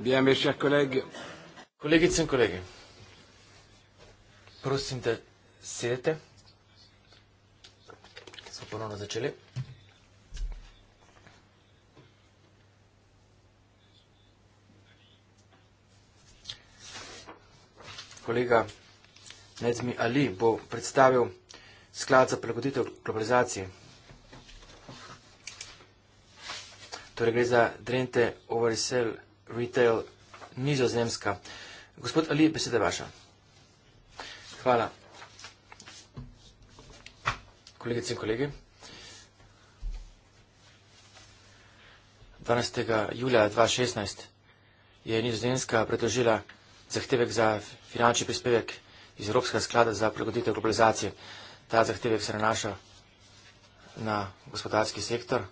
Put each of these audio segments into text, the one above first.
Bien, mes chers collègues. Kolegice in kolegi, prosim, da sedete. Smo ponovno začeli. Kolega Nedmi Ali bo predstavil sklad za prilagoditev globalizacije. Torej gre za Drente Oversell Sklad. Retail Nizozemska. Gospod Ali, beseda vaša. Hvala. Kolegice in kolegi, 12. julija 2016 je Nizozemska predložila zahtevek za finančni prispevek iz Evropskega sklada za pregoditev globalizacije. Ta zahtevek se nanaša na gospodarski sektor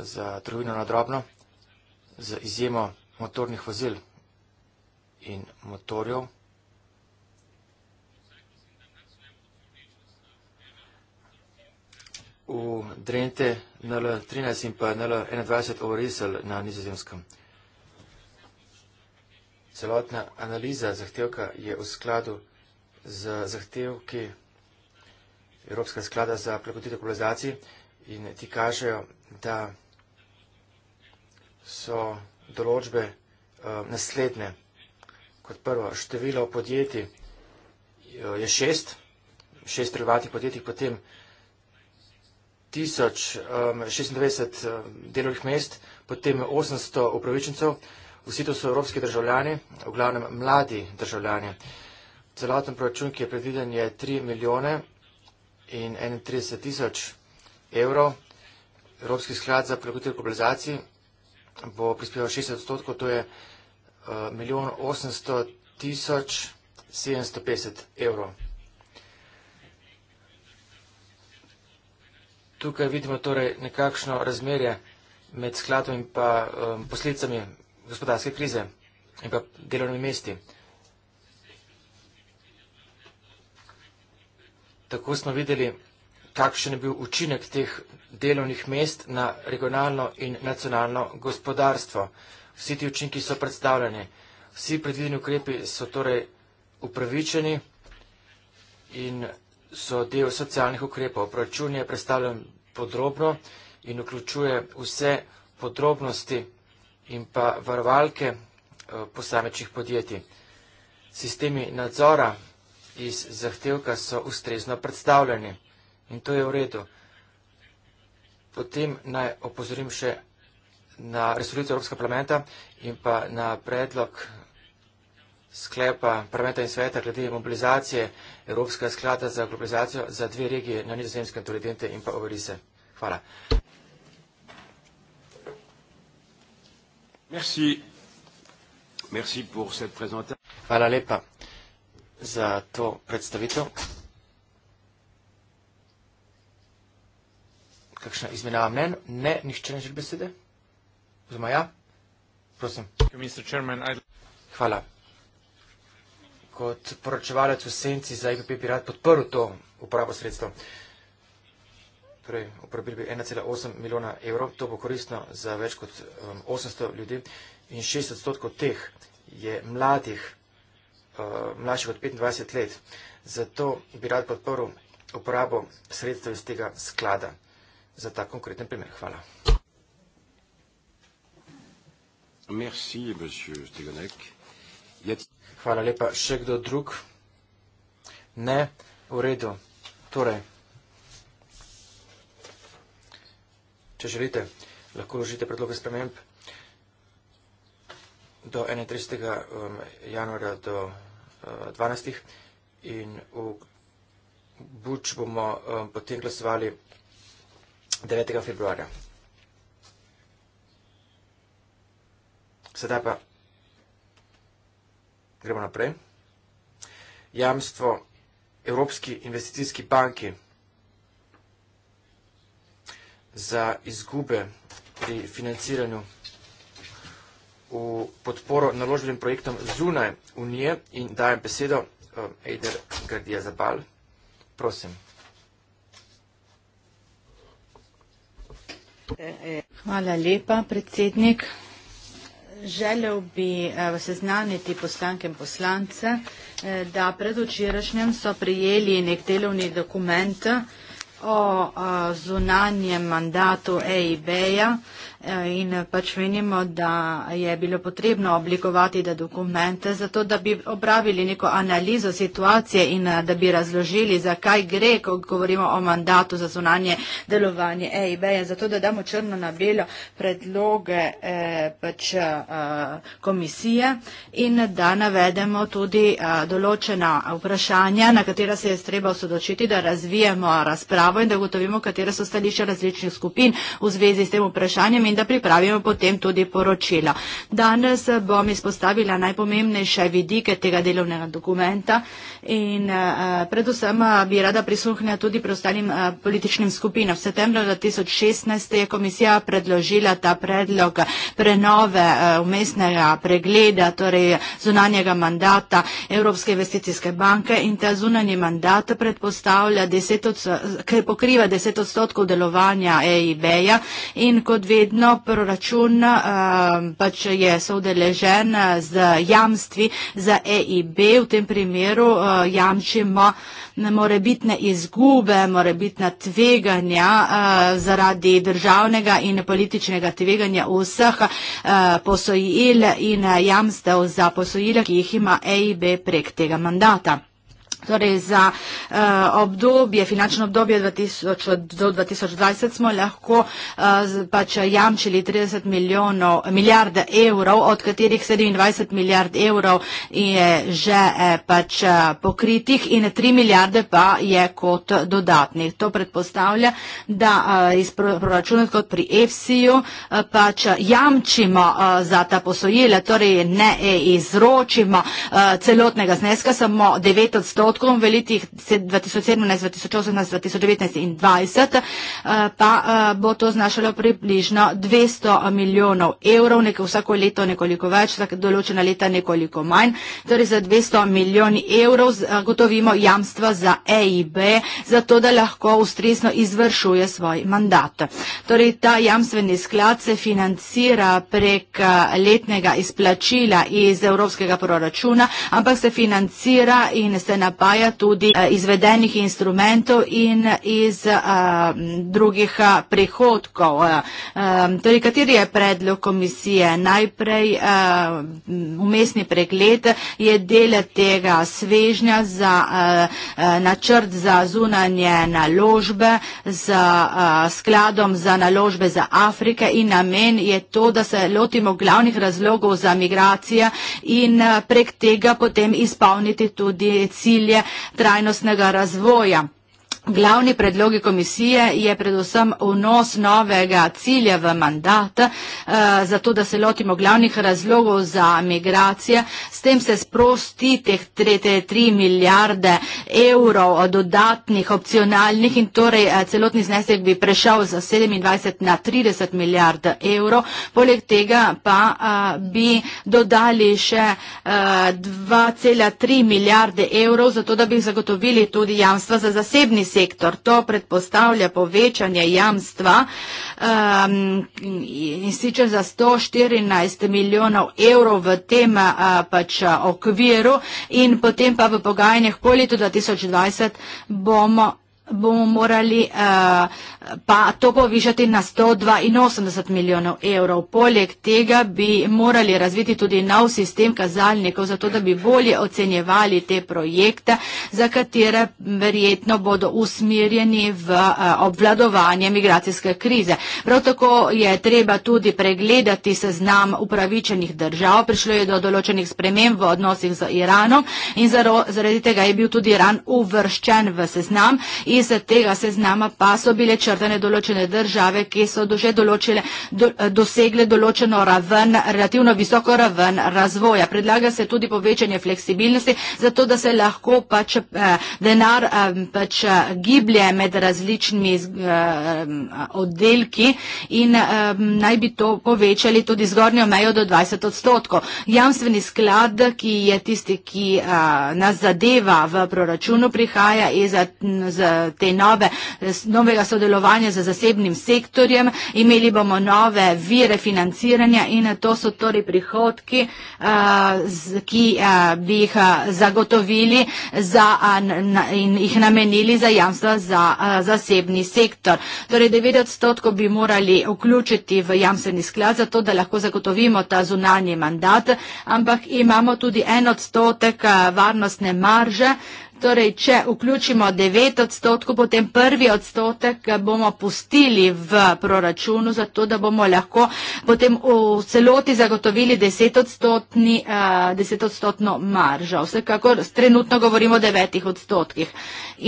za trgovino na drobno z izjemo motornih vozil in motorjev. V Drente NL13 in pa NL21 Overisel na nizozemskem. Celotna analiza zahtevka je v skladu z zahtevki Evropska sklada za prepotitev globalizacij in ti kažejo, da je so določbe eh, naslednje. Kot prvo, število podjetij eh, je šest, šest privatnih podjetij, potem 1096 eh, delovnih mest, potem 800 upravičencev, vsi to so evropski državljani, v glavnem mladi državljani. Celoten proračun, ki je predviden, je 3 milijone in 31 tisoč evrov. Evropski sklad za prilagoditev globalizaciji bo prispeval 60 odstotkov, to je eh, milijon 800 tisoč 750 evrov. Tukaj vidimo torej nekakšno razmerje med skladom in pa eh, posledicami gospodarske krize in pa delovnimi mesti. Tako smo videli, da je to, kakšen je bil učinek teh delovnih mest na regionalno in nacionalno gospodarstvo. Vsi ti učinki so predstavljeni, vsi predvideni ukrepi so torej upravičeni in so del socialnih ukrepov. Proračun je predstavljen podrobno in vključuje vse podrobnosti in pa varovalke eh, posamečnih podjetij. Sistemi nadzora iz zahtevka so ustrezno predstavljeni. In to je v redu. Potem naj opozorim še na resolucijo Evropskega parlamenta in pa na predlog sklepa parlamenta in sveta glede mobilizacije Evropskega sklada za globalizacijo za dve regije na nizozemskem Toledente in pa Ovarise. Hvala. Merci. Merci pour cette Hvala lepa za to predstavitev. kakšna izmenjava mnen, ne, nihče ne želi besede? Oziroma ja? Prosim. Hvala. Kot poročevalec v senci za IPP bi rad podprl to uporabo sredstva. Torej, uporabili bi 1,8 milijona evrov, to bo koristno za več kot 800 um, ljudi in 6 odstotkov teh je mladih, uh, mlajših od 25 let. Zato bi rad podprl uporabo sredstva iz tega sklada za ta konkreten primer. Hvala. Merci, Jet... Hvala lepa. Še kdo drug? Ne, v redu. Torej, če želite, lahko vložite predloge sprememb do 31. Um, januarja do 12. Uh, in v Buč bomo um, potem glasovali 9 februarja. Sedaj pa gremo naprej. Jamstvo Evropski investicijski banki za izgube pri financiranju v podporo naložbenim projektom zunaj Unije in dajem besedo eh, Eider Gardija Zabal. Prosim. Hvala lepa, predsednik. Želel bi eh, seznaniti poslanke in poslance, eh, da pred včerajšnjem so prijeli nek delovni dokument o eh, zunanjem mandatu EIB-ja, in eh, pač menimo, da je bilo potrebno oblikovati ta dokument, zato da bi opravili neko analizo situacije in eh, da bi razložili, zakaj gre, ko govorimo o mandatu za zunanje delovanje EIB, zato da damo črno na belo predloge eh, pač, eh, komisije in da navedemo tudi eh, določena vprašanja, na katera se je treba osodočiti, da razvijemo razpravo in da gotovimo, katera so stališča različnih skupin v zvezi s tem vprašanjem in da pripravimo potem tudi poročilo. Danes eh, bom izpostavila najpomembnejše vidike tega delovnega dokumenta in eh, eh, predvsem bi rada prisluhnila tudi preostalim političnim skupinam. V septembru 2016 je komisija predložila ta predlog prenove umestnega pregleda, torej zunanjega mandata Evropske investicijske banke in ta zunanji mandat predpostavlja, ker pokriva 10 odstotkov delovanja EIB-ja in kot vedno No, proračun uh, pač je soudeležen eh, z jamstvi za EIB. V tem primeru uh, jamčimo morebitne izgube, morebitna tveganja uh, zaradi državnega in političnega tveganja vseh uh, posojil in jamstev za posojila, ki jih ima EIB prek tega mandata. Torej za uh, obdobje, finančno obdobje 2000, do 2020 smo lahko uh, pač jamčili 30 milijonov, milijarda evrov, od katerih 27 milijard evrov je že eh, pač uh, pokritih in 3 milijarde pa je kot dodatnih. To predpostavlja, da uh, iz proračuna kot pri EFSI-ju uh, pač jamčimo uh, za ta posojila, torej ne izročimo uh, celotnega zneska, samo 9 odstotkov odstotkom v letih 2017, 2018, 2019 in 2020 eh, pa eh, bo to znašalo približno 200 milijonov evrov, nekaj vsako leto nekoliko več, določena leta nekoliko manj. Torej za 200 milijoni evrov gotovimo jamstva za EIB, zato da lahko ustrezno izvršuje svoj mandat. Torej ta jamstveni sklad se financira prek eh, letnega izplačila iz evropskega proračuna, ampak se financira in se napravlja napaja tudi eh, izvedenih instrumentov in iz eh, drugih eh, prihodkov. Torej, kateri je predlog komisije? Najprej umestni pregled je del tega svežnja za načrt za zunanje naložbe z skladom za naložbe za Afrike in namen je to, da se lotimo glavnih razlogov za migracije in prek tega potem izpolniti tudi cilje cilje trajnostnega razvoja. Glavni predlogi komisije je predvsem vnos novega cilja v mandat, eh, zato da se lotimo glavnih razlogov za migracije. S tem se sprosti teh 3 milijarde evrov dodatnih opcionalnih in torej eh, celotni znesek bi prešal za 27 na 30 milijard evrov. Poleg tega pa eh, bi dodali še 2,3 milijarde evrov, zato da bi zagotovili tudi jamstva za zasebni sektor. To predpostavlja povečanje jamstva um, in sicer za 114 milijonov evrov v tem uh, pač uh, okviru in potem pa v pogajanjih po letu 2020 bomo bomo morali uh, pa to povišati na 182 milijonov evrov. Poleg tega bi morali razviti tudi nov sistem kazalnikov, zato da bi bolje ocenjevali te projekte, za katere verjetno bodo usmirjeni v uh, obvladovanje migracijske krize. Prav tako je treba tudi pregledati seznam upravičenih držav. Prišlo je do določenih sprememb v odnosih z Iranom in zaradi tega je bil tudi Iran uvrščen v seznam. In Iz tega seznama pa so bile črtane določene države, ki so že določile, do, eh, dosegle določeno raven, relativno visoko raven razvoja. Predlaga se tudi povečanje fleksibilnosti, zato da se lahko pač eh, denar eh, pač giblje med različnimi oddelki in naj bi to povečali tudi zgornjo mejo do 20 odstotkov. Jamstveni sklad, ki je tisti, ki nas zadeva v proračunu, prihaja iz te nove, novega sodelovanja z zasebnim sektorjem, imeli bomo nove vire financiranja in to so torej prihodki, eh, ki eh, bi jih eh, zagotovili za, in jih namenili za jamstva za zasebni sektor. Torej 9 odstotkov bi morali vključiti v jamstveni sklad, zato da lahko zagotovimo ta zunanji mandat, ampak imamo tudi en odstotek varnostne marže, Torej, če vključimo 9 odstotkov, potem prvi odstotek bomo pustili v proračunu, zato da bomo lahko potem v celoti zagotovili 10 odstotni, 10 eh, odstotno maržo. Vsekakor trenutno govorimo o 9 odstotkih.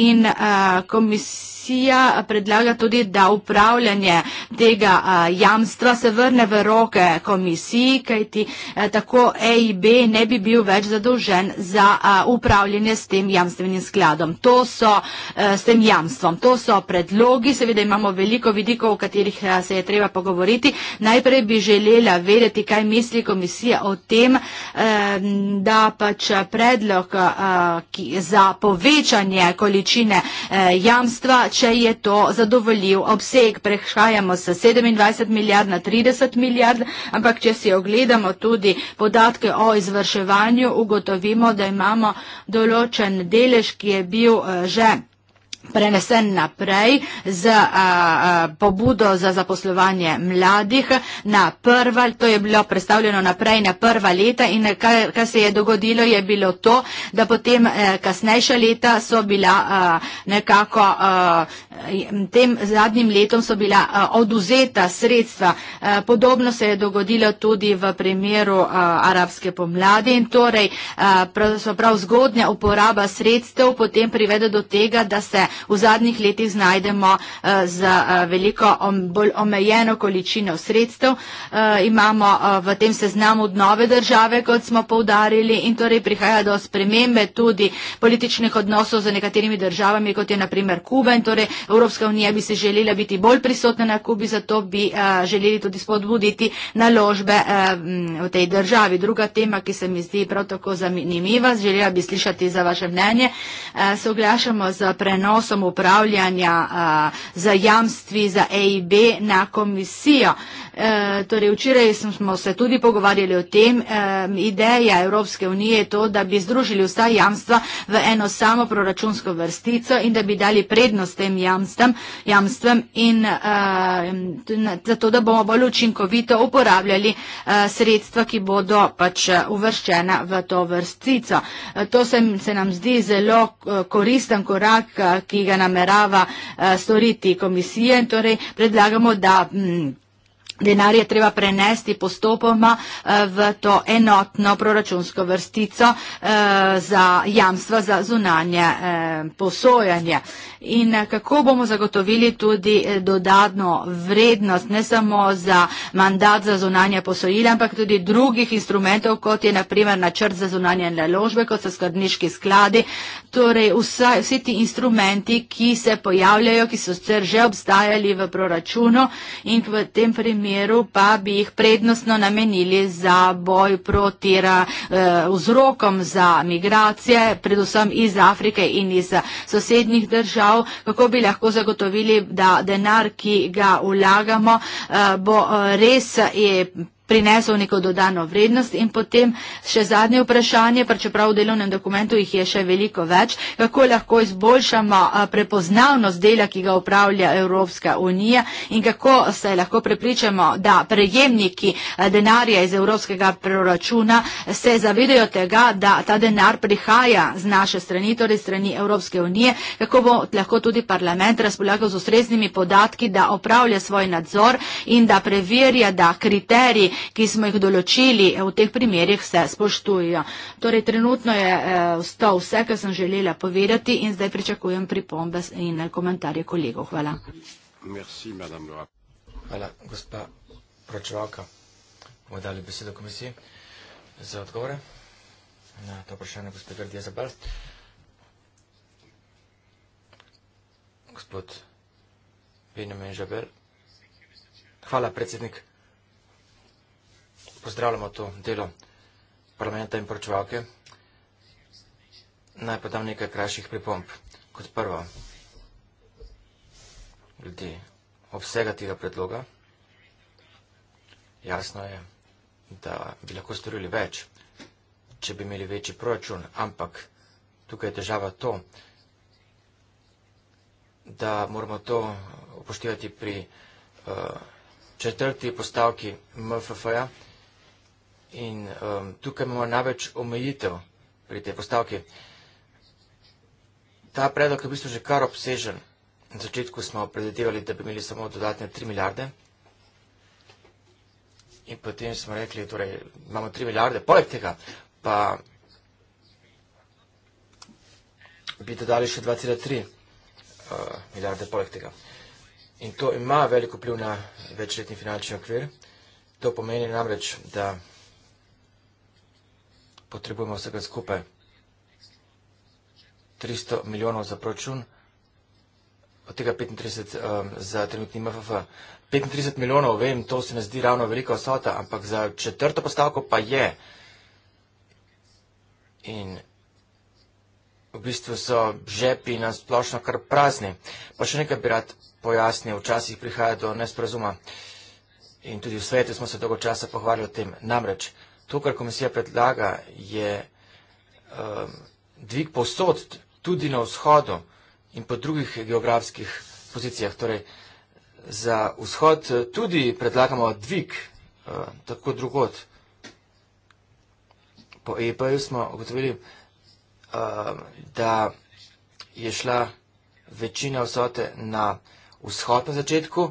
In eh, komisija komisija predlaga tudi, da upravljanje tega jamstva se vrne v roke komisiji, kajti tako EIB ne bi bil več zadolžen za upravljanje s tem jamstvenim skladom. To so s tem jamstvom. To so predlogi, seveda imamo veliko vidikov, o katerih se je treba pogovoriti. Najprej bi želela vedeti, kaj misli komisija o tem, da pač predlog za povečanje količine jamstva drugače je to zadovoljiv obseg. Prehajamo se 27 milijard na 30 milijard, ampak če si ogledamo tudi podatke o izvrševanju, ugotovimo, da imamo določen delež, ki je bil eh, že prenesen naprej z a, a, pobudo za zaposlovanje mladih na prva, to je bilo predstavljeno naprej na prva leta in kaj, kaj se je dogodilo, je bilo to, da potem a, kasnejša leta so bila a, nekako, a, tem zadnjim letom so bila a, oduzeta sredstva. A, podobno se je dogodilo tudi v primeru a, arabske pomladi in torej a, prav, prav zgodnja uporaba sredstev potem privede do tega, da se v zadnjih letih znajdemo eh, z eh, veliko bolj omejeno količino sredstev. Eh, imamo v tem seznamu nove države, kot smo povdarili, in torej prihaja do spremembe tudi političnih odnosov z nekaterimi državami, kot je naprimer Kuba. In torej Evropska unija bi se želela biti bolj prisotna na Kubi, zato bi želeli tudi spodbuditi naložbe v tej državi. Druga tema, ki se mi zdi prav tako zanimiva, želela bi slišati za vaše mnenje. Soglašamo z prenosom prenosom upravljanja za jamstvi za EIB na komisijo. E, torej, včeraj smo se tudi pogovarjali o tem. E, ideja Evropske unije je to, da bi združili vsa jamstva v eno samo proračunsko vrstico in da bi dali prednost tem jamstvem, jamstvem e, in zato, da bomo bolj učinkovito uporabljali sredstva, ki bodo pač uvrščena v to vrstico. To se, se nam zdi zelo koristen korak k ki ga namerava eh, storiti komisije in torej predlagamo, da mm, Denar je treba prenesti postopoma eh, v to enotno proračunsko vrstico eh, za jamstva za zunanje eh, posojanje. In kako bomo zagotovili tudi dodatno vrednost, ne samo za mandat za zunanje posojila, ampak tudi drugih instrumentov, kot je naprimer načrt za zunanje naložbe, kot so skrbniški skladi. Torej vse, vsi ti instrumenti, ki se pojavljajo, ki so sicer že obstajali v proračunu in v tem primeru primeru pa bi jih prednostno namenili za boj proti eh, vzrokom za migracije, predvsem iz Afrike in iz eh, sosednjih držav, kako bi lahko zagotovili, da denar, ki ga vlagamo, eh, bo res prinesel neko dodano vrednost in potem še zadnje vprašanje, pa čeprav v delovnem dokumentu jih je še veliko več, kako lahko izboljšamo prepoznavnost dela, ki ga upravlja Evropska unija in kako se lahko prepričamo, da prejemniki denarja iz evropskega proračuna se zavedajo tega, da ta denar prihaja z naše strani, torej strani Evropske unije, kako bo lahko tudi parlament razpolagal z ustreznimi podatki, da upravlja svoj nadzor in da preverja, da kriteriji, ki smo jih določili, eh, v teh primerjih se spoštujejo. Torej, trenutno je eh, to vse, kar sem želela povedati in zdaj pričakujem pripombe in eh, komentarje kolegov. Hvala. Merci, Hvala, gospa Pročevalka. Bomo dali besedo komisiji za odgovore na to vprašanje gospod Gardija Zabal. Gospod Benjamin Žabel. Hvala, predsednik pozdravljamo to delo parlamenta in poročevalke. Naj pa dam nekaj krajših pripomb. Kot prvo, glede obsega tega predloga, jasno je, da bi lahko storili več, če bi imeli večji proračun, ampak tukaj je težava to, da moramo to upoštevati pri uh, četrti postavki MFF-ja, In um, tukaj imamo največ omejitev pri tej postavki. Ta predlog je v bistvu že kar obsežen. Na začetku smo predvidevali, da bi imeli samo dodatne 3 milijarde. In potem smo rekli, torej imamo 3 milijarde, poleg tega pa bi dodali še 2,3 uh, milijarde poleg tega. In to ima veliko pliv na večletni finančni okvir. To pomeni namreč, da potrebujemo vsega skupaj. 300 milijonov za proračun, od tega 35 um, za trenutni MFF. 35 milijonov, vem, to se ne zdi ravno velika vsota, ampak za četrto postavko pa je. In v bistvu so žepi na splošno kar prazni. Pa še nekaj bi rad pojasnil, včasih prihaja do nesprazuma. In tudi v svetu smo se dolgo časa pohvalili o tem. Namreč, to, kar komisija predlaga, je um, dvig posod tudi na vzhodu in po drugih geografskih pozicijah. Torej, za vzhod eh, tudi predlagamo dvig, uh, tako drugot. Po EPA-ju smo ugotovili, uh, da je šla večina vsote na vzhod na začetku.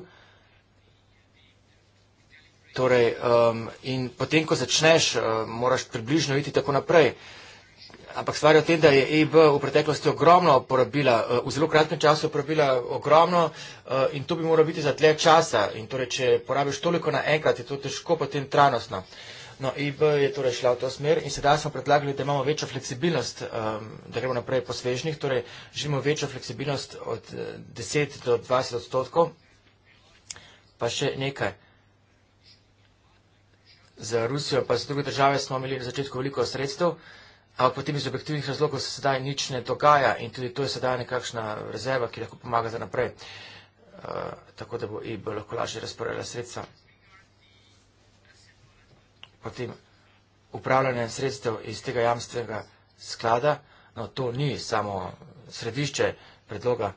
Torej, um, in potem, ko začneš, um, moraš približno iti tako naprej. Ampak stvar je v tem, da je EIB v preteklosti ogromno porabila, uh, v zelo kratkem času porabila ogromno uh, in to bi moralo biti za tle časa. In torej, če porabiš toliko naenkrat, je to težko potem trajnostno. No, EIB je torej šla v to smer in sedaj smo predlagali, da imamo večjo fleksibilnost, um, da gremo naprej po svežnih, torej želimo večjo fleksibilnost od 10 uh, do 20 odstotkov, pa še nekaj za Rusijo, pa za druge države smo imeli v začetku veliko sredstev, ampak potem iz objektivnih razlogov se sedaj nič ne dogaja in tudi to je sedaj nekakšna rezerva, ki lahko pomaga za naprej, eh, tako da bo IB e lahko lažje razporedila sredstva. Potem upravljanje sredstev iz tega jamstvenega sklada, no to ni samo središče predloga.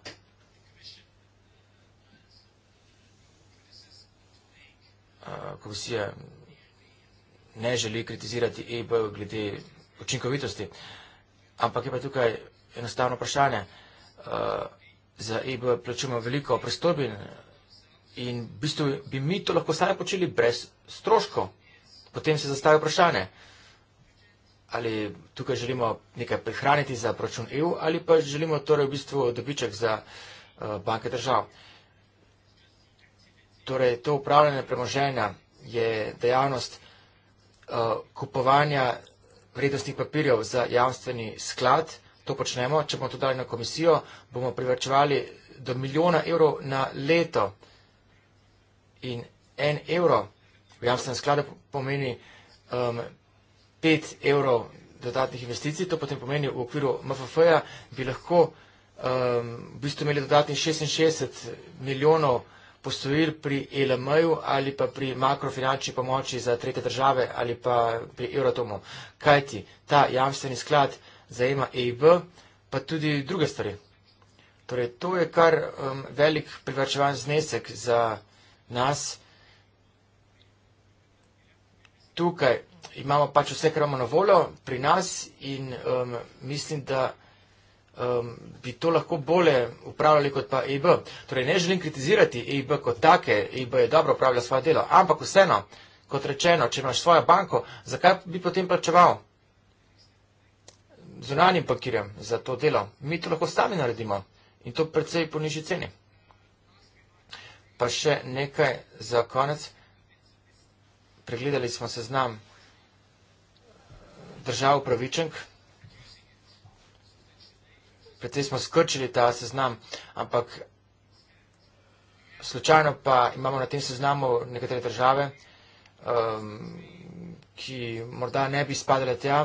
Eh, komisija ne želi kritizirati EIB glede učinkovitosti. Ampak je pa tukaj enostavno vprašanje. Uh, za EIB plačujemo veliko prestobin in v bistvu bi mi to lahko sami počeli brez stroško. Potem se zastavi vprašanje, ali tukaj želimo nekaj prihraniti za proračun EU ali pa želimo torej v bistvu dobiček za uh, banke držav. Torej, to upravljanje premoženja je dejavnost, uh, uh, kupovanja vrednostnih papirjev za javstveni sklad. To počnemo, če bomo to dali na komisijo, bomo privrčevali do milijona evrov na leto. In en evro v javstvenem skladu pomeni um, pet evrov dodatnih investicij, to potem pomeni v okviru MFF-ja bi lahko um, v bistvu imeli dodatnih 66 milijonov evrov posojil pri ELM-ju ali pa pri makrofinančni pomoči za tretje države ali pa pri Euratomu. Kajti ta jamstveni sklad zajema EIB, pa tudi druge stvari. Torej, to je kar um, velik privrčevan znesek za nas. Tukaj imamo pač vse, kar imamo na voljo pri nas in um, mislim, da um, bi to lahko bolje upravljali kot pa EIB. Torej, ne želim kritizirati EIB kot take, EIB je dobro upravlja svoje delo, ampak vseeno, kot rečeno, če imaš svojo banko, zakaj bi potem plačeval zunanjim pakirjem za to delo? Mi to lahko sami naredimo in to predvsej po nižji ceni. Pa še nekaj za konec. Pregledali smo seznam držav pravičenk precej smo skrčili ta seznam, ampak slučajno pa imamo na tem seznamu nekatere države, um, ki morda ne bi spadale tja,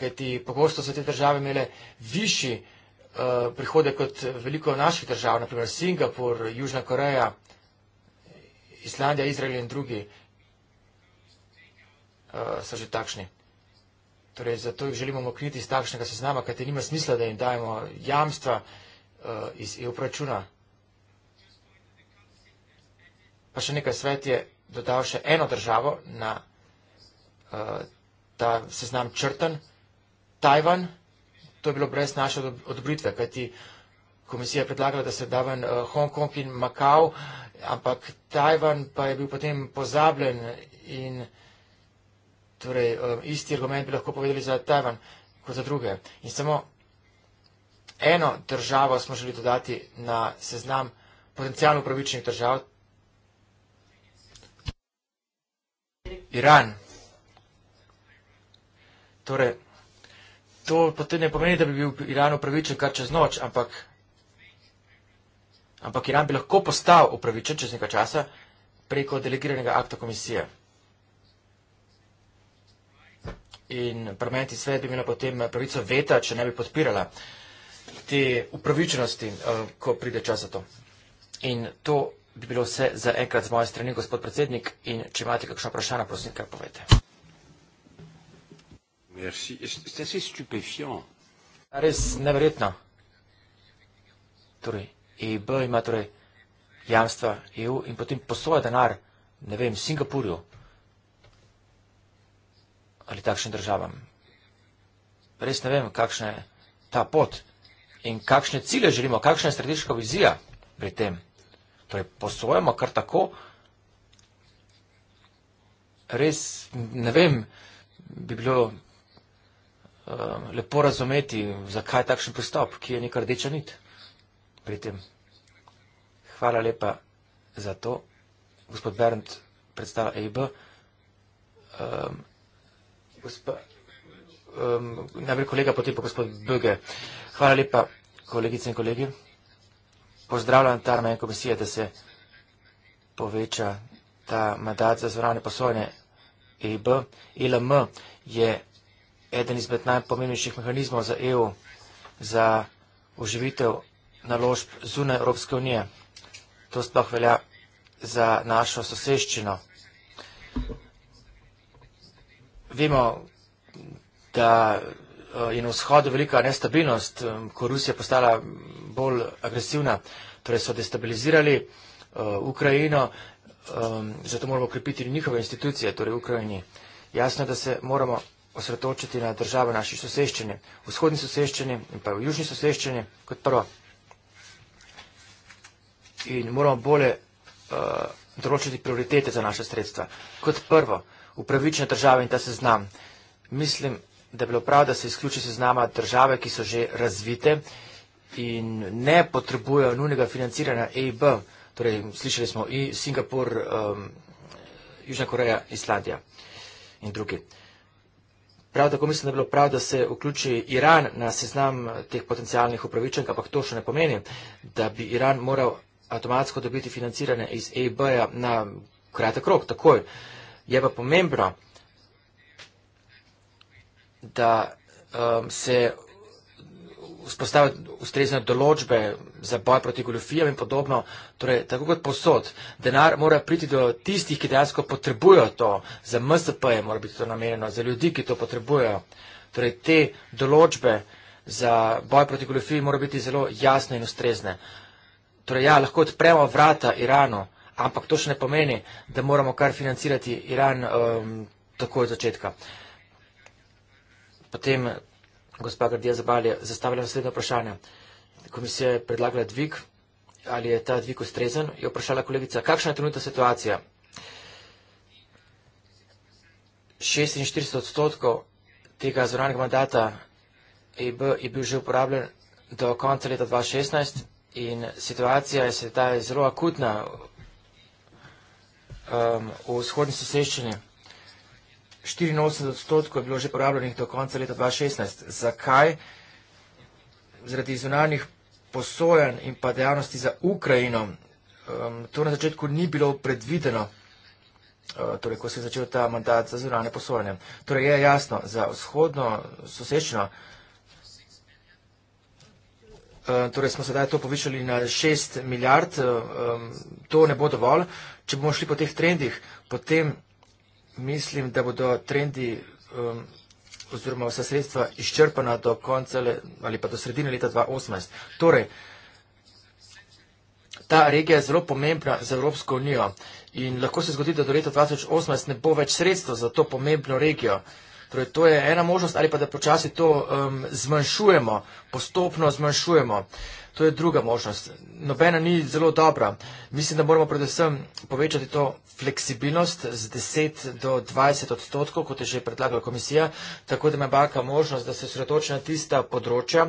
kajti pogosto so te države imele višji uh, prihode kot veliko naših držav, naprimer Singapur, Južna Koreja, Islandija, Izrael in drugi uh, so že takšni. Torej, zato jih želimo mokniti iz takšnega seznama, kajte nima smisla, da jim dajemo jamstva uh, iz EU računa. Pa še nekaj svet je dodal še eno državo na uh, ta seznam črtan, Tajvan. To je bilo brez naše odobritve, kajti komisija je predlagala, da se da ven uh, eh, Hongkong in Makau, ampak Tajvan pa je bil potem pozabljen in. Torej, um, isti argument bi lahko povedali za Tajvan kot za druge. In samo eno državo smo želeli dodati na seznam potencijalno upravičenih držav. Iran. Torej, to potem ne pomeni, da bi bil Iran upravičen kar čez noč, ampak, ampak Iran bi lahko postal upravičen čez nekaj časa preko delegiranega akta komisije. in parlament in svet bi imela potem pravico veta, če ne bi podpirala te upravičenosti, eh, ko pride čas za to. In to bi bilo vse za enkrat z moje strani, gospod predsednik, in če imate kakšno vprašanje, prosim, kaj povete. Ja, res neverjetno. Torej, EIB ima torej jamstva EU in potem posoja denar, ne vem, Singapurju ali takšnim državam. Res ne vem, kakšna je ta pot in kakšne cilje želimo, kakšna je strateška vizija pri tem. Torej, posojamo kar tako, res ne vem, bi bilo um, lepo razumeti, zakaj takšen pristop, ki je neka rdeča nit pri tem. Hvala lepa za to, gospod Bernd predstavlja EIB. Um, Um, najprej kolega, potem pa gospod Böge. Hvala lepa, kolegice in kolegi. Pozdravljam ta namen komisije, da se poveča ta mandat za zvorane poslovne EIB. ILM e je eden izmed najpomembnejših mehanizmov za EU za oživitev naložb zunaj Evropske unije. To sploh velja za našo soseščino. Vemo, da eh, je na vzhodu velika nestabilnost, eh, ko Rusija postala bolj agresivna, torej so destabilizirali eh, Ukrajino, zato moramo krepiti njihove institucije, torej Ukrajini. Jasno, da se moramo osredotočiti na države naši soseščini, vzhodni soseščini in pa v južni soseščini kot prvo. In moramo bolje uh, določiti prioritete za naše sredstva. Kot prvo, uh, v pravične države in ta seznam. Mislim, da je bilo prav, da se izključi seznama države, ki so že razvite in ne potrebujejo nujnega financiranja EIB. Torej, slišali smo in Singapur, um, Južna Koreja, Islandija in drugi. Prav tako mislim, da je bilo prav, da se vključi Iran na seznam teh potencijalnih upravičenk, ampak to še ne pomeni, da bi Iran moral avtomatsko dobiti financiranje iz EIB-ja na kratek rok, takoj. Uh, je pa pomembno, da um, se vzpostavljajo ustrezne določbe za boj proti goljofijam in podobno. Torej, tako kot posod, denar mora priti do tistih, ki dejansko potrebujo to. Za MSP je mora biti to namenjeno, za ljudi, ki to potrebujejo. Torej, te določbe za boj proti goljofijam mora biti zelo jasne in ustrezne. Torej, ja, lahko odpremo vrata Iranu. Ampak to še ne pomeni, da moramo kar financirati Iran um, takoj od začetka. Potem, gospa Gardija Zabalje, zastavljam naslednje vprašanje. Komisija je predlagala dvig, ali je ta dvig ustrezen, je vprašala kolegica, kakšna je trenutna situacija? 46 odstotkov tega zvoranega mandata EIB je bil že uporabljen do konca leta 2016 in situacija je sedaj zelo akutna um, v vzhodni soseščini. 84 odstotkov je bilo že porabljenih do konca leta 2016. Zakaj? Zaradi zunanjih posojen in pa dejavnosti za Ukrajino. Um, to na začetku ni bilo predvideno, uh, torej, ko se je začel ta mandat za zunanje posojenje. Torej je jasno, za vzhodno soseščino Eh, torej smo sedaj to povišali na 6 milijard, eh, to ne bo dovolj. Če bomo šli po teh trendih, potem mislim, da bodo trendi oziroma vsa sredstva izčrpana do konca ali pa do sredine leta 2018. Torej, ta regija je zelo pomembna za Evropsko unijo in lahko se zgodi, da do leta 2018 ne bo več sredstva za to pomembno regijo. Torej, to je ena možnost, ali pa da počasi to um, zmanjšujemo, postopno zmanjšujemo. To je druga možnost. Nobena ni zelo dobra. Mislim, da moramo predvsem povečati to fleksibilnost z 10 do 20 odstotkov, kot je že predlagala komisija, tako da ima banka možnost, da se sredoči na tista področja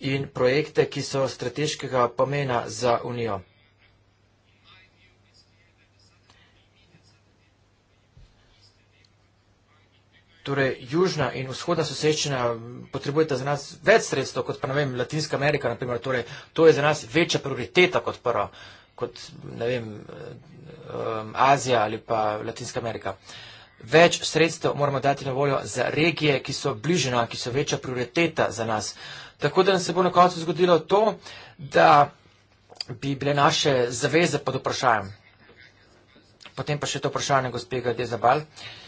in projekte, ki so strateškega pomena za unijo. torej južna in vzhodna soseščina potrebujete za nas več sredstev kot pa, ne vem, Latinska Amerika, naprimer, torej to je za nas večja prioriteta kot prva, kot, ne vem, um, Azija ali pa Latinska Amerika. Več sredstev moramo dati na voljo za regije, ki so bližina, ki so večja prioriteta za nas. Tako da nam se bo na koncu zgodilo to, da bi bile naše zaveze pod vprašanjem. Potem pa še to vprašanje gospega Dezabal. Uh,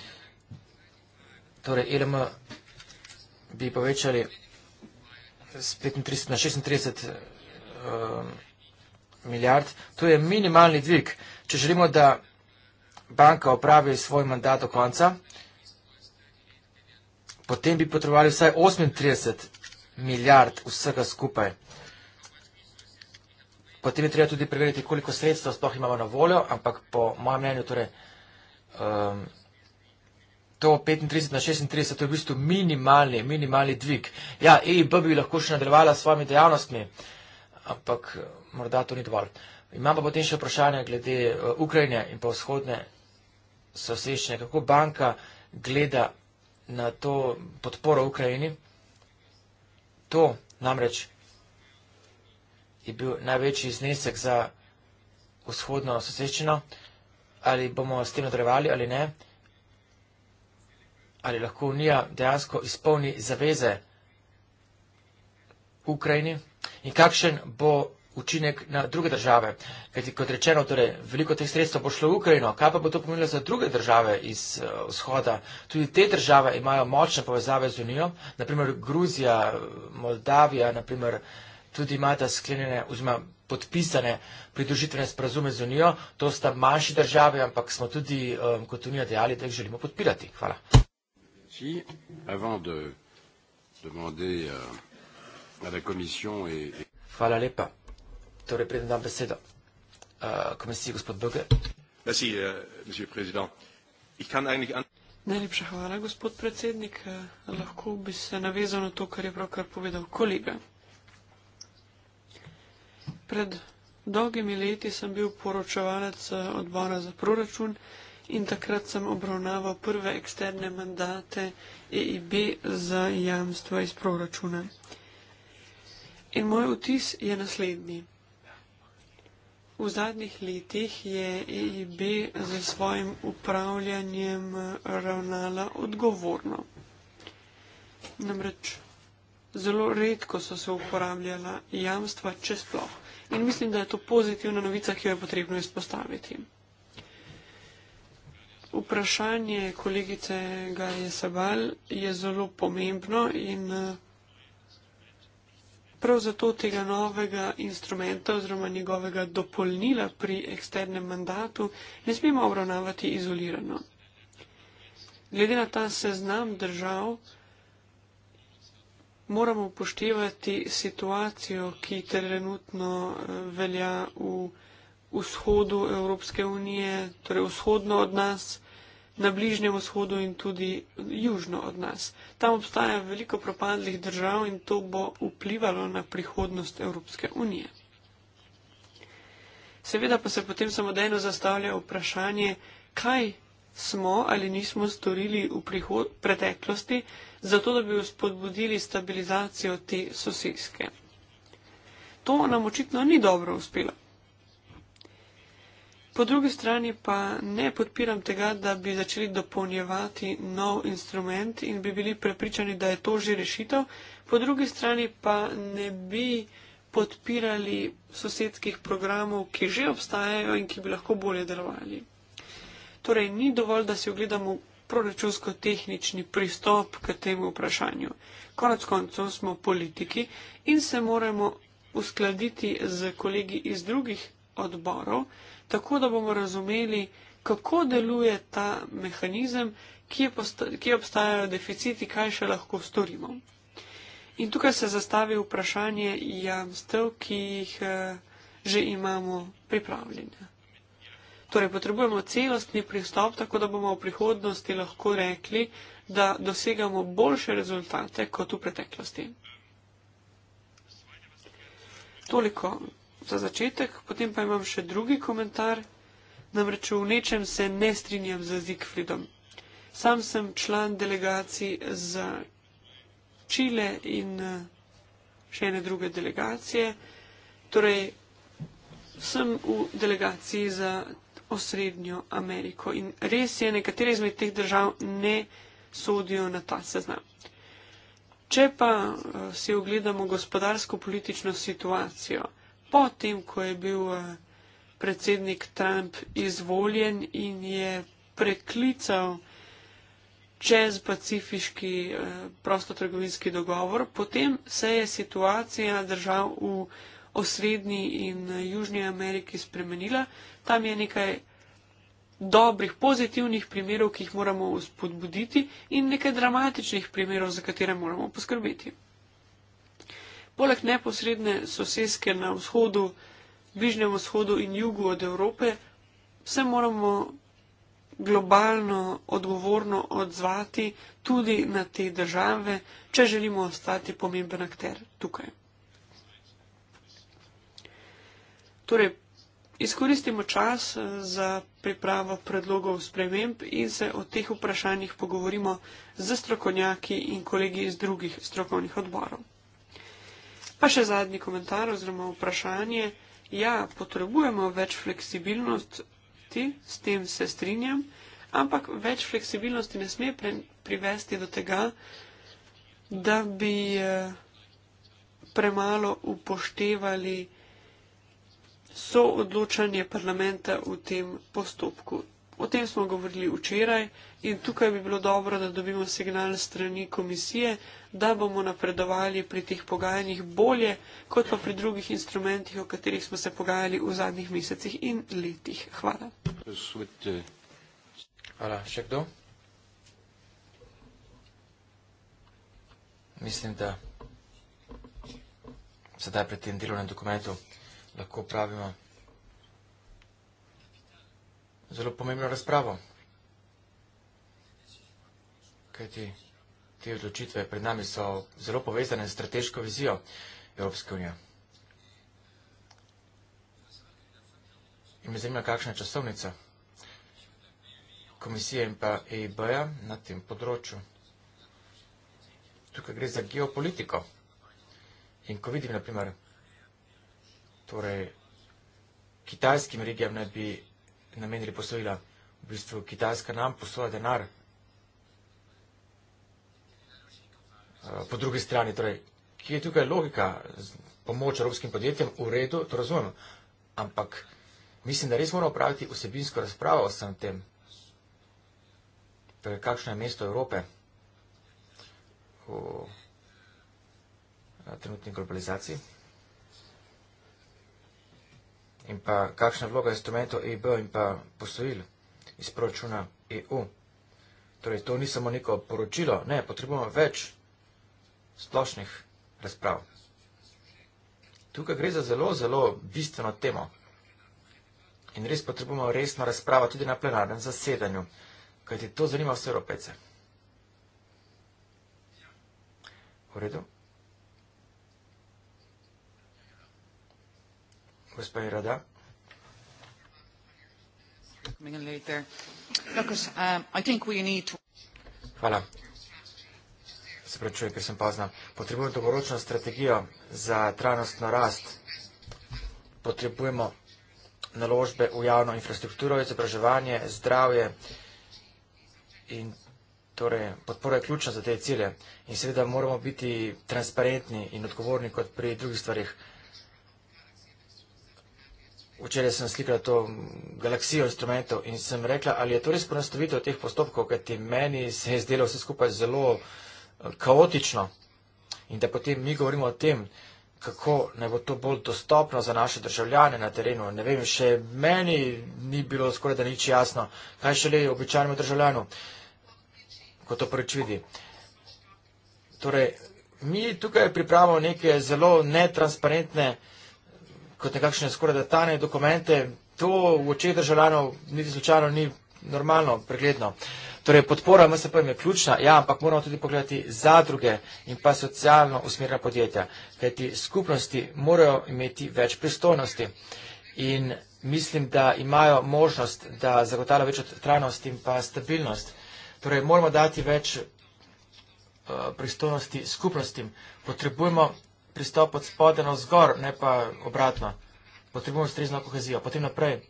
torej ILM bi povečali z 35 na 36 ehm, milijard. To je minimalni dvig, če želimo, da banka opravi svoj mandat do konca, potem bi potrebovali vsaj 38 milijard vsega skupaj. Potem je treba tudi preveriti, koliko sredstva sploh imamo na voljo, ampak po mojem mnenju, torej ehm, to 35 na 36, to je v bistvu minimalni, minimalni dvig. Ja, EIB bi lahko še nadaljevala s svojimi dejavnostmi, ampak eh, morda to ni dovolj. Imam pa potem še vprašanje glede eh, Ukrajine in pa vzhodne sosedščine. Kako banka gleda na to podporo Ukrajini? To namreč je bil največji znesek za vzhodno sosedščino. Ali bomo s tem nadaljevali ali ne? ali lahko Unija dejansko izpolni zaveze Ukrajini in kakšen bo učinek na druge države. Kajti, kot rečeno, torej, veliko teh sredstev bo šlo v Ukrajino, kaj pa bo to pomenilo za druge države iz eh, vzhoda. Tudi te države imajo močne povezave z Unijo, naprimer Gruzija, Moldavija, naprimer tudi imata sklenjene oziroma podpisane pridružitvene sporazume z Unijo. To sta manjši države, ampak smo tudi, eh, kot Unija dejali, da jih želimo podpirati. Hvala. Kaczynski. Avant de demander à, euh, à la Commission et. Hvala lepa. Torej, preden dam besedo uh, komisiji, gospod Böge. Merci, uh, monsieur président. Ich kann eigentlich an... Najlepša hvala, gospod predsednik. Uh, lahko bi se navezal na to, kar je pravkar povedal kolega. Pred dolgimi leti sem bil poročevalec eh, odbora za proračun. Uh, in takrat sem obravnaval prve eksterne mandate EIB za jamstva iz proračuna. In moj vtis je naslednji. V zadnjih letih je EIB za svojim upravljanjem ravnala odgovorno. Namreč zelo redko so se uporabljala jamstva, če sploh. In mislim, da je to pozitivna novica, ki jo je potrebno izpostaviti. Vprašanje kolegice Gaje Sabal je zelo pomembno in eh, prav zato tega novega instrumenta oziroma njegovega dopolnila pri eksternem mandatu ne smemo obravnavati izolirano. Glede na ta seznam držav moramo upoštevati situacijo, ki trenutno eh, velja v vzhodu Evropske unije, torej vzhodno od nas, na bližnjem vzhodu in tudi južno od nas. Tam obstaja veliko propadlih držav in to bo vplivalo na prihodnost Evropske unije. Seveda pa se potem samodejno zastavlja vprašanje, kaj smo ali nismo storili v preteklosti, zato da bi vzpodbudili stabilizacijo te sosedske. To nam očitno ni dobro uspelo. Po drugi strani pa ne podpiram tega, da bi začeli dopolnjevati nov instrument in bi bili prepričani, da je to že rešitev. Po drugi strani pa ne bi podpirali sosedskih programov, ki že obstajajo in ki bi lahko bolje delovali. Torej, ni dovolj, da si ogledamo proračunsko-tehnični pristop k temu vprašanju. Konec koncev smo politiki in se moramo uskladiti z kolegi iz drugih odborov, tako da bomo razumeli, kako deluje ta mehanizem, kje, posta, kje obstajajo deficiti, kaj še lahko storimo. In tukaj se zastavi vprašanje jamstev, ki jih eh, že imamo pripravljene. Torej, potrebujemo celostni pristop, tako da bomo v prihodnosti lahko rekli, da dosegamo boljše rezultate kot v preteklosti. Toliko za začetek, potem pa imam še drugi komentar, namreč v nečem se ne strinjam z Zigfridom. Sam sem član delegacij za Čile in eh, še ene druge delegacije, torej sem v delegaciji za osrednjo Ameriko in res je, nekatere izmed teh držav ne sodijo na ta seznam. Če pa eh, si ogledamo gospodarsko-politično situacijo, potem, ko je bil eh, predsednik Trump izvoljen in je preklical čez pacifiški eh, prostotrgovinski dogovor, potem se je situacija držav v osrednji in eh, južnji Ameriki spremenila. Tam je nekaj dobrih, pozitivnih primerov, ki jih moramo spodbuditi in nekaj dramatičnih primerov, za katere moramo poskrbeti. Poleg neposredne sosedske na vzhodu, bližnjem vzhodu in jugu od Evrope, se moramo globalno odgovorno odzvati tudi na te države, če želimo ostati pomemben akter tukaj. Torej, izkoristimo čas eh, za pripravo predlogov sprememb in se o teh vprašanjih pogovorimo z strokovnjaki in kolegi iz drugih strokovnih odborov. Pa še zadnji komentar oziroma vprašanje. Ja, potrebujemo več fleksibilnosti, s tem se strinjam, ampak več fleksibilnosti ne sme pre, privesti do tega, da bi eh, premalo upoštevali soodločanje parlamenta v tem postopku. O tem smo govorili včeraj in tukaj bi bilo dobro, da dobimo signal strani komisije, da bomo napredovali pri teh pogajanjih bolje, kot pa pri drugih instrumentih, o katerih smo se pogajali v zadnjih mesecih in letih. Hvala. Hvala. Še kdo? Mislim, da sedaj pred tem delovnem dokumentu lahko pravimo zelo pomembno razpravo. Kajti te odločitve pred nami so zelo povezane s strateško vizijo Evropske unije. In me zanima, kakšna je časovnica komisije in pa EIB-ja na tem področju. Tukaj gre za geopolitiko. In ko vidim, naprimer, torej, kitajskim regijam ne bi namenili posojila. V bistvu Kitajska nam posoja denar. Eh, po drugi strani, torej, ki je tukaj logika pomoč evropskim podjetjem, v redu, to razumem. Ampak mislim, da res moramo praviti vsebinsko razpravo o vsem tem. Torej, kakšno je mesto Evrope v eh, trenutni globalizaciji in pa kakšna vloga instrumentov EIB in pa posojil iz proračuna EU. Torej, to ni samo neko poročilo, ne, potrebujemo več splošnih razprav. Tukaj gre za zelo, zelo bistveno temo. In res potrebujemo resno razpravo tudi na plenarnem zasedanju, kajti to zanima vse evropejce. V redu. gospe Rada. Um, Hvala. Se prečuje, ker sem pozna. Potrebujemo dolgoročno strategijo za trajnostno rast. Potrebujemo naložbe v javno infrastrukturo, izobraževanje, zdravje in torej podpora je ključna za te cilje. In seveda moramo biti transparentni in odgovorni kot pri drugih stvarih včeraj sem slikala to galaksijo instrumentov in sem rekla, ali je to res ponastavitev teh postopkov, ker ti meni se je zdelo vse skupaj zelo eh, kaotično. In da potem mi govorimo o tem, kako ne bo to bolj dostopno za naše državljane na terenu. Ne vem, še meni ni bilo skoraj da nič jasno, kaj šele je običajnemu državljanu, ko to prvič vidi. Torej, mi tukaj pripravimo neke zelo netransparentne uh, kot nekakšne skoraj da tane dokumente. To v očeh državljanov niti slučajno ni normalno, pregledno. Torej, podpora MSP je ključna, ja, ampak moramo tudi pogledati zadruge in pa socialno usmerjena podjetja, kajti skupnosti morajo imeti več pristojnosti. In mislim, da imajo možnost, da zagotavljajo več trajnost in pa stabilnost. Torej, moramo dati več uh, pristojnosti skupnostim. Potrebujemo pristop od spode na vzgor, ne pa obratno. Potrebujemo ustrezno kohezijo. Potem naprej.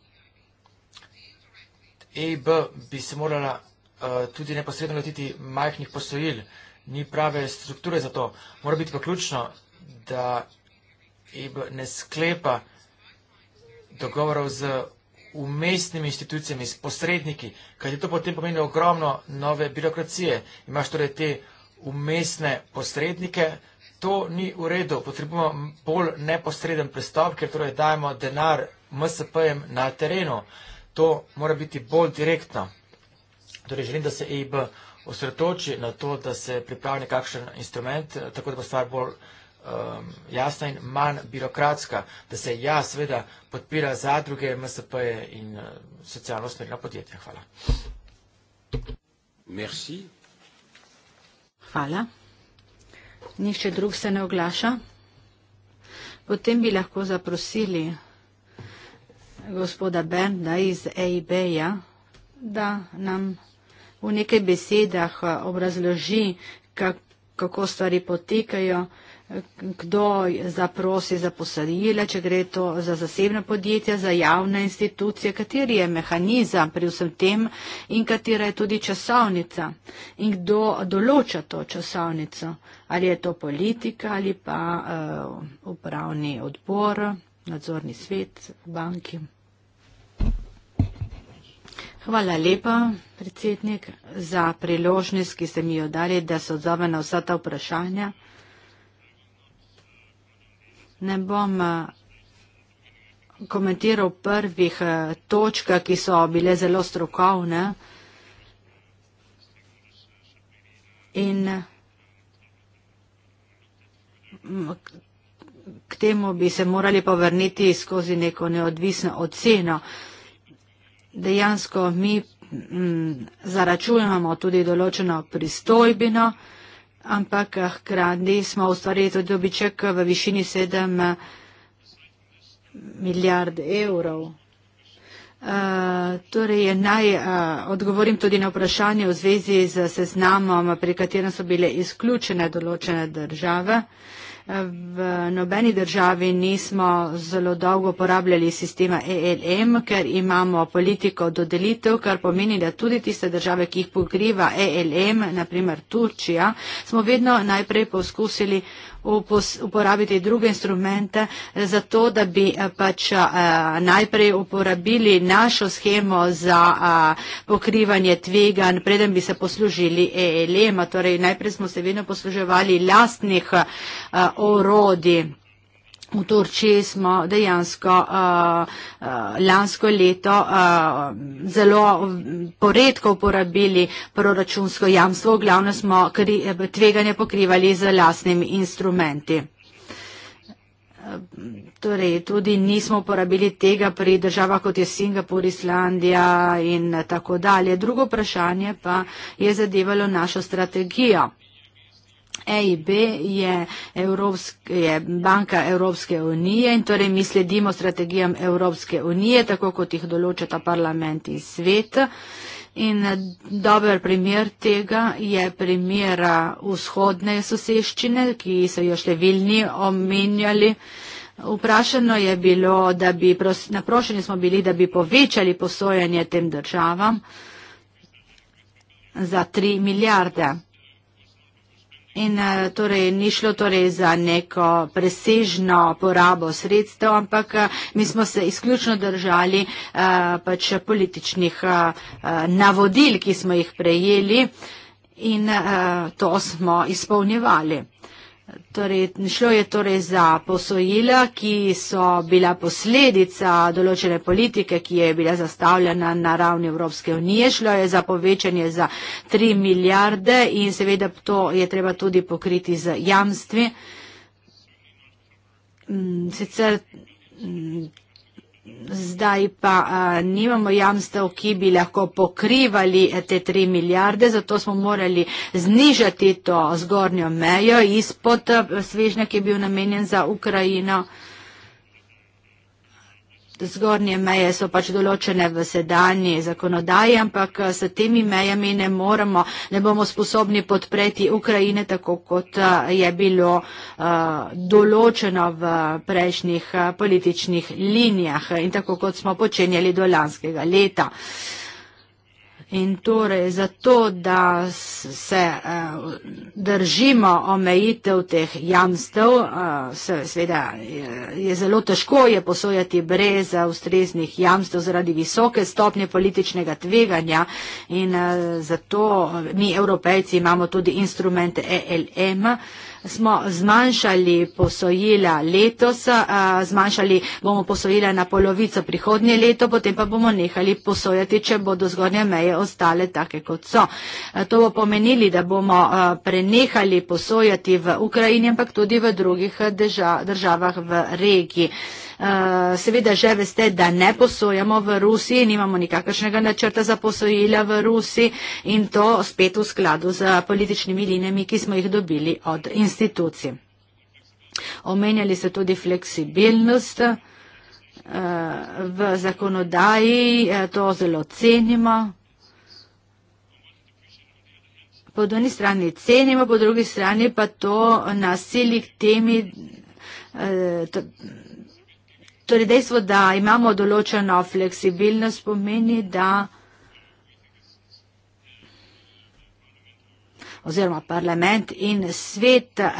EIB bi se morala uh, tudi neposredno lotiti majhnih posojil. Ni prave strukture za to. Mora biti pa ključno, da EIB ne sklepa dogovorov z umestnimi institucijami, s posredniki, kajti to potem pomeni ogromno nove birokracije. Imaš torej te umestne posrednike, to ni v redu, potrebujemo bolj neposreden pristop, ker torej dajemo denar MSP-jem na terenu. To mora biti bolj direktno. Torej želim, da se EIB osredotoči na to, da se pripravi nekakšen instrument, eh, tako da bo stvar bolj um, jasna in manj birokratska, da se ja seveda podpira zadruge MSP-je in uh, socialno usmerjena podjetja. Hvala. Merci. Hvala nišče drug se ne oglaša, potem bi lahko zaprosili gospoda Benda iz AIB-ja, e da nam v nekaj besedah obrazloži, kako stvari potekajo kdo zaprosi za posarile, če gre to za zasebne podjetja, za javne institucije, kateri je mehanizem pri vsem tem in katera je tudi časovnica in kdo določa to časovnico, ali je to politika ali pa uh, upravni odbor, nadzorni svet v banki. Hvala lepa, predsednik, za priložnost, ki ste mi jo dali, da se odzove na vsa ta vprašanja. Ne bom eh, komentiral prvih eh, točk, ki so bile zelo strokovne. In mm, k temu bi se morali povrniti skozi neko neodvisno oceno. Dejansko mi m, mm, zaračunamo tudi določeno pristojbino ampak eh, hkrati smo ustvarili tudi dobiček eh, v višini 7 eh, milijard evrov. Uh, torej naj uh, odgovorim tudi na vprašanje v zvezi z seznamom, pri katerem so bile izključene določene države. Uh, V nobeni državi nismo zelo dolgo uporabljali sistema ELM, ker imamo politiko dodelitev, kar pomeni, da tudi tiste države, ki jih pokriva ELM, naprimer Turčija, smo vedno najprej poskusili uporabiti druge instrumente eh, za to, da bi eh, pač eh, najprej uporabili našo schemo za pokrivanje tvegan, preden bi se poslužili ELM-a. E torej, najprej smo se vedno posluževali lastnih orodij v Turčiji smo dejansko uh, uh, lansko leto uh, zelo poredko uporabili proračunsko jamstvo, glavno smo kri, tveganje pokrivali z lasnimi instrumenti. Torej, tudi nismo uporabili tega pri državah, kot je Singapur, Islandija in tako dalje. Drugo vprašanje pa je zadevalo našo strategijo. EIB je, Evropsk, je banka Evropske unije in torej mi sledimo strategijam Evropske unije, tako kot jih določata parlament in svet. In eh, dober primer tega je primera eh, vzhodne soseščine, ki so jo številni omenjali. Vprašano je bilo, da bi, naprošeni smo bili, da bi povečali posojanje tem državam za 3 milijarde. In eh, torej ni šlo torej za neko presežno porabo sredstev, ampak eh, mi smo se izključno držali eh, pač političnih navodil, ki smo jih prejeli in to smo izpolnjevali. Torej, šlo je torej za posojila, ki so bila posledica določene politike, ki je bila zastavljena na ravni Evropske unije. Šlo je za povečanje za 3 milijarde in seveda to je treba tudi pokriti z jamstvi. Mm, sicer Zdaj pa a, nimamo jamstev, ki bi lahko pokrivali eh, te 3 milijarde, zato smo morali znižati to zgornjo mejo izpod eh, svežnja, ki je bil namenjen za Ukrajino zgornje meje so pač določene v sedanji zakonodaji, ampak eh, s temi mejami ne moremo, ne bomo sposobni podpreti Ukrajine, tako kot eh, je bilo eh, določeno v prejšnjih političnih linijah in tako kot smo počenjali do lanskega leta. In torej zato, da se eh, držimo omejitev teh jamstev, eh, se, sveda eh, je zelo težko je posojati brez ustreznih jamstev zaradi visoke stopnje političnega tveganja in zato mi evropejci imamo tudi instrumente ELM smo zmanjšali posojila letos, zmanjšali bomo posojila na polovico prihodnje leto, potem pa bomo nehali posojati, če bodo zgornje meje ostale take kot so. To bo pomenili, da bomo prenehali posojati v Ukrajini, ampak tudi v drugih državah v regiji. Eh, seveda že veste, da ne posojamo v Rusiji, nimamo nikakršnega načrta za posojila v Rusiji in to spet v skladu z političnimi linijami, ki smo jih dobili od institucij. Omenjali ste tudi fleksibilnost eh, v zakonodaji, eh, to zelo cenimo. Po drugi strani cenimo, po drugi strani pa to nasilje k temi. Torej, dejstvo, da imamo določeno fleksibilnost, pomeni, da oziroma parlament in svet eh,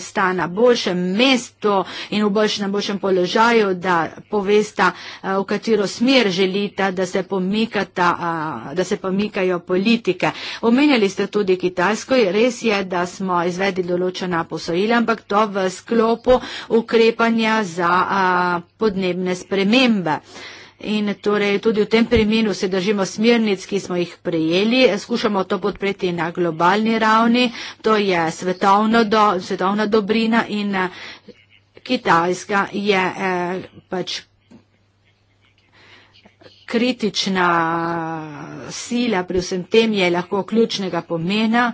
sta na boljšem mestu in v boljšem, na boljšem položaju, da povesta, eh, v katero smer želita, da se, pomikata, eh, da se pomikajo politike. Omenjali ste tudi Kitajsko, res je, da smo izvedli določena posojila, ampak to v sklopu ukrepanja za podnebne spremembe. In torej tudi v tem primeru se držimo smernic, ki smo jih prejeli, skušamo to podpreti na globalni ravni, to je svetovna, do, svetovna dobrina in eh, Kitajska je eh, pač kritična eh, sila, pri vsem tem je lahko ključnega pomena.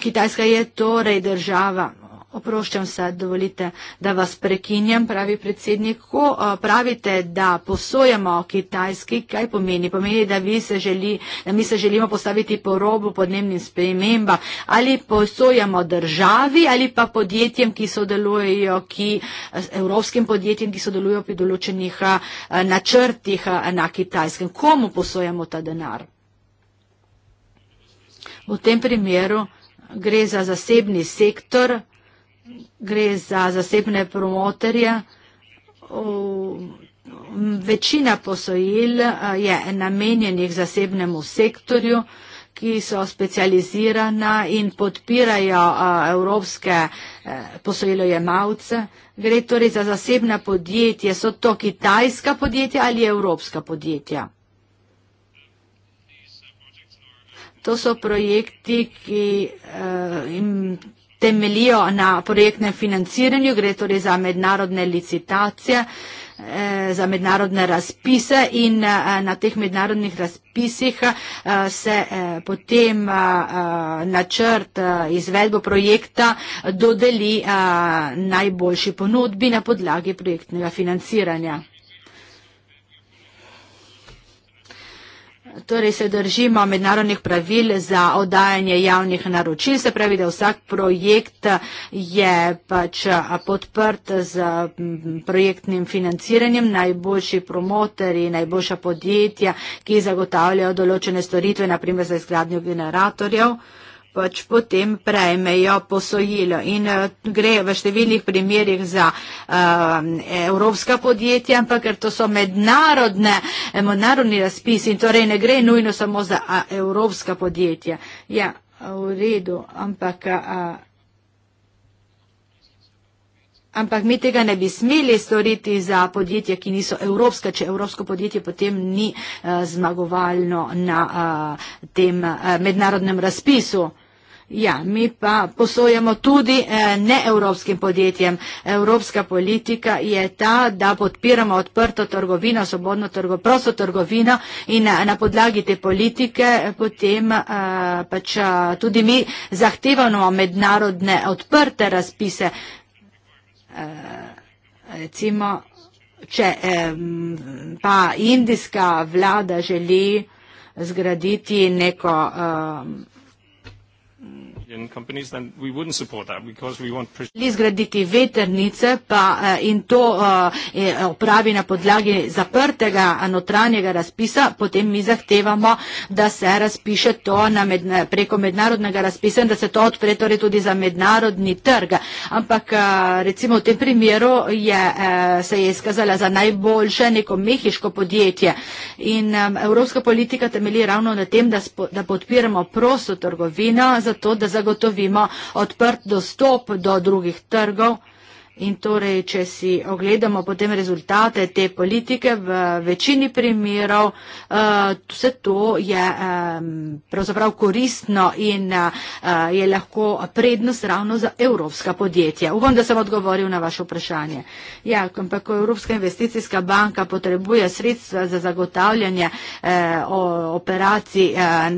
Kitajska je torej država Oproščam se, dovolite, da vas prekinjem, pravi predsednik. Ko eh, pravite, da posojamo kitajski, kaj pomeni? Pomeni, da, se želi, da mi se želimo postaviti po robu podnebnim sprememba ali posojamo državi ali pa podjetjem, ki sodelujejo, ki, eh, evropskim podjetjem, ki sodelujejo pri določenih eh, načrtih na kitajskem. Komu posojamo ta denar? V tem primeru. Gre za zasebni sektor, gre za zasebne promotorje. Večina posojil eh, je namenjenih zasebnemu sektorju, ki so specializirana in podpirajo eh, evropske eh, posojilojemalce. Gre torej za zasebna podjetja. So to kitajska podjetja ali evropska podjetja? To so projekti, ki uh, temeljijo na projektnem financiranju, gre torej za mednarodne licitacije, eh, za mednarodne razpise in eh, na teh mednarodnih razpisih eh, se potem načrt izvedbo projekta dodeli najboljši ponudbi na podlagi projektnega financiranja. Torej se držimo mednarodnih pravil za oddajanje javnih naročil, se pravi, da vsak projekt je pač podprt z projektnim financiranjem, najboljši promotori, najboljša podjetja, ki zagotavljajo določene storitve, naprimer za izgradnjo generatorjev pač potem prejmejo posojilo. In uh, gre v številnih primerjih za uh, evropska podjetja, ampak ker to so mednarodne, eh, mednarodni razpisi in torej ne gre nujno samo za uh, evropska podjetja. Ja, v redu, ampak. Uh, Ampak mi tega ne bi smeli storiti za podjetja, ki niso evropska, če evropsko podjetje potem ni uh, zmagovalno na uh, tem uh, mednarodnem razpisu. Ja, mi pa posojamo tudi eh, neevropskim podjetjem. Evropska politika je ta, da podpiramo odprto trgovino, svobodno trgo, prosto trgovino in eh, na podlagi te politike eh, potem pač tudi mi zahtevamo mednarodne odprte razpise. Recimo, če pa indijska vlada želi zgraditi neko Li zgraditi veternice pa eh, in to eh, opravi na podlagi zaprtega notranjega razpisa, potem mi zahtevamo, da se razpiše to med, preko mednarodnega razpisa in da se to odpre torej tudi za mednarodni trg. Ampak eh, recimo v tem primeru je, se je izkazala za najboljše neko mehiško podjetje in evropska politika temelji ravno na tem, da, spo, da podpiramo prosto trgovino, zato da za zagotovimo odprt dostop do drugih trgov. In torej, če si ogledamo potem rezultate te politike, v večini primerov eh, vse to je pravzaprav koristno in eh, je lahko prednost ravno za evropska podjetja. Upam, da sem odgovoril na vaše vprašanje. Ja, ampak ko Evropska investicijska banka potrebuje sredstva za zagotavljanje eh, operacij,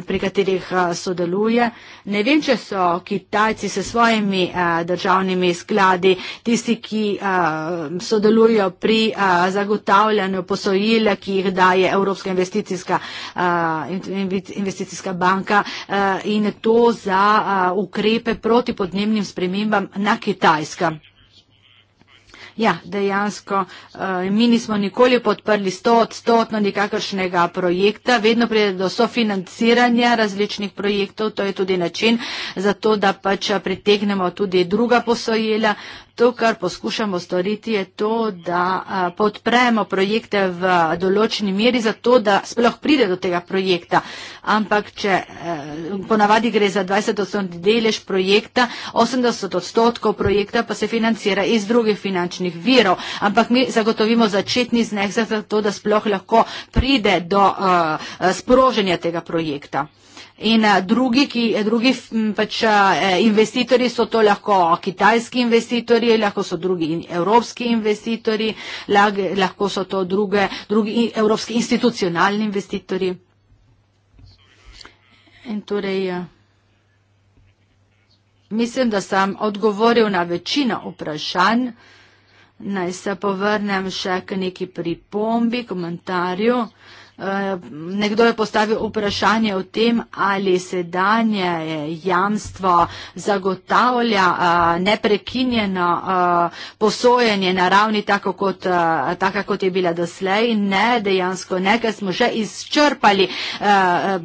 pri katerih sodeluje, ne vem, če so Kitajci s svojimi državnimi skladi tisti, delavci, ki a, sodelujo pri a, zagotavljanju posojila, ki jih daje Evropska investicijska, a, investicijska banka a, in to za a, ukrepe proti podnebnim spremembam na Kitajska. Ja, dejansko mi nismo nikoli podprli 100 odstotno nikakršnega projekta, vedno pride do sofinanciranja različnih projektov, to je tudi način za to, da pač pritegnemo tudi druga posojela, To, kar poskušamo storiti, je to, da podpremo projekte v določeni meri, zato da sploh pride do tega projekta. Ampak, če ponavadi gre za 20 odstotni delež projekta, 80 odstotkov projekta pa se financira iz drugih finančnih virov. Ampak mi zagotovimo začetni znek za to, da sploh lahko pride do sproženja tega projekta. In eh, drugi, ki, eh, drugi pač, eh, investitorji so to lahko kitajski investitorji, lahko so drugi evropski investitorji, lahko so to druge, drugi evropski institucionalni investitorji. In torej, mislim, da sem odgovoril na večino vprašanj. Naj se povrnem še k neki pripombi, komentarju. Uh, Eh, nekdo je postavil vprašanje o tem, ali sedanje jamstvo zagotavlja eh, neprekinjeno eh, posojanje na ravni tako, kot, tako, kot je bila doslej. Ne, dejansko ne, ker smo že izčrpali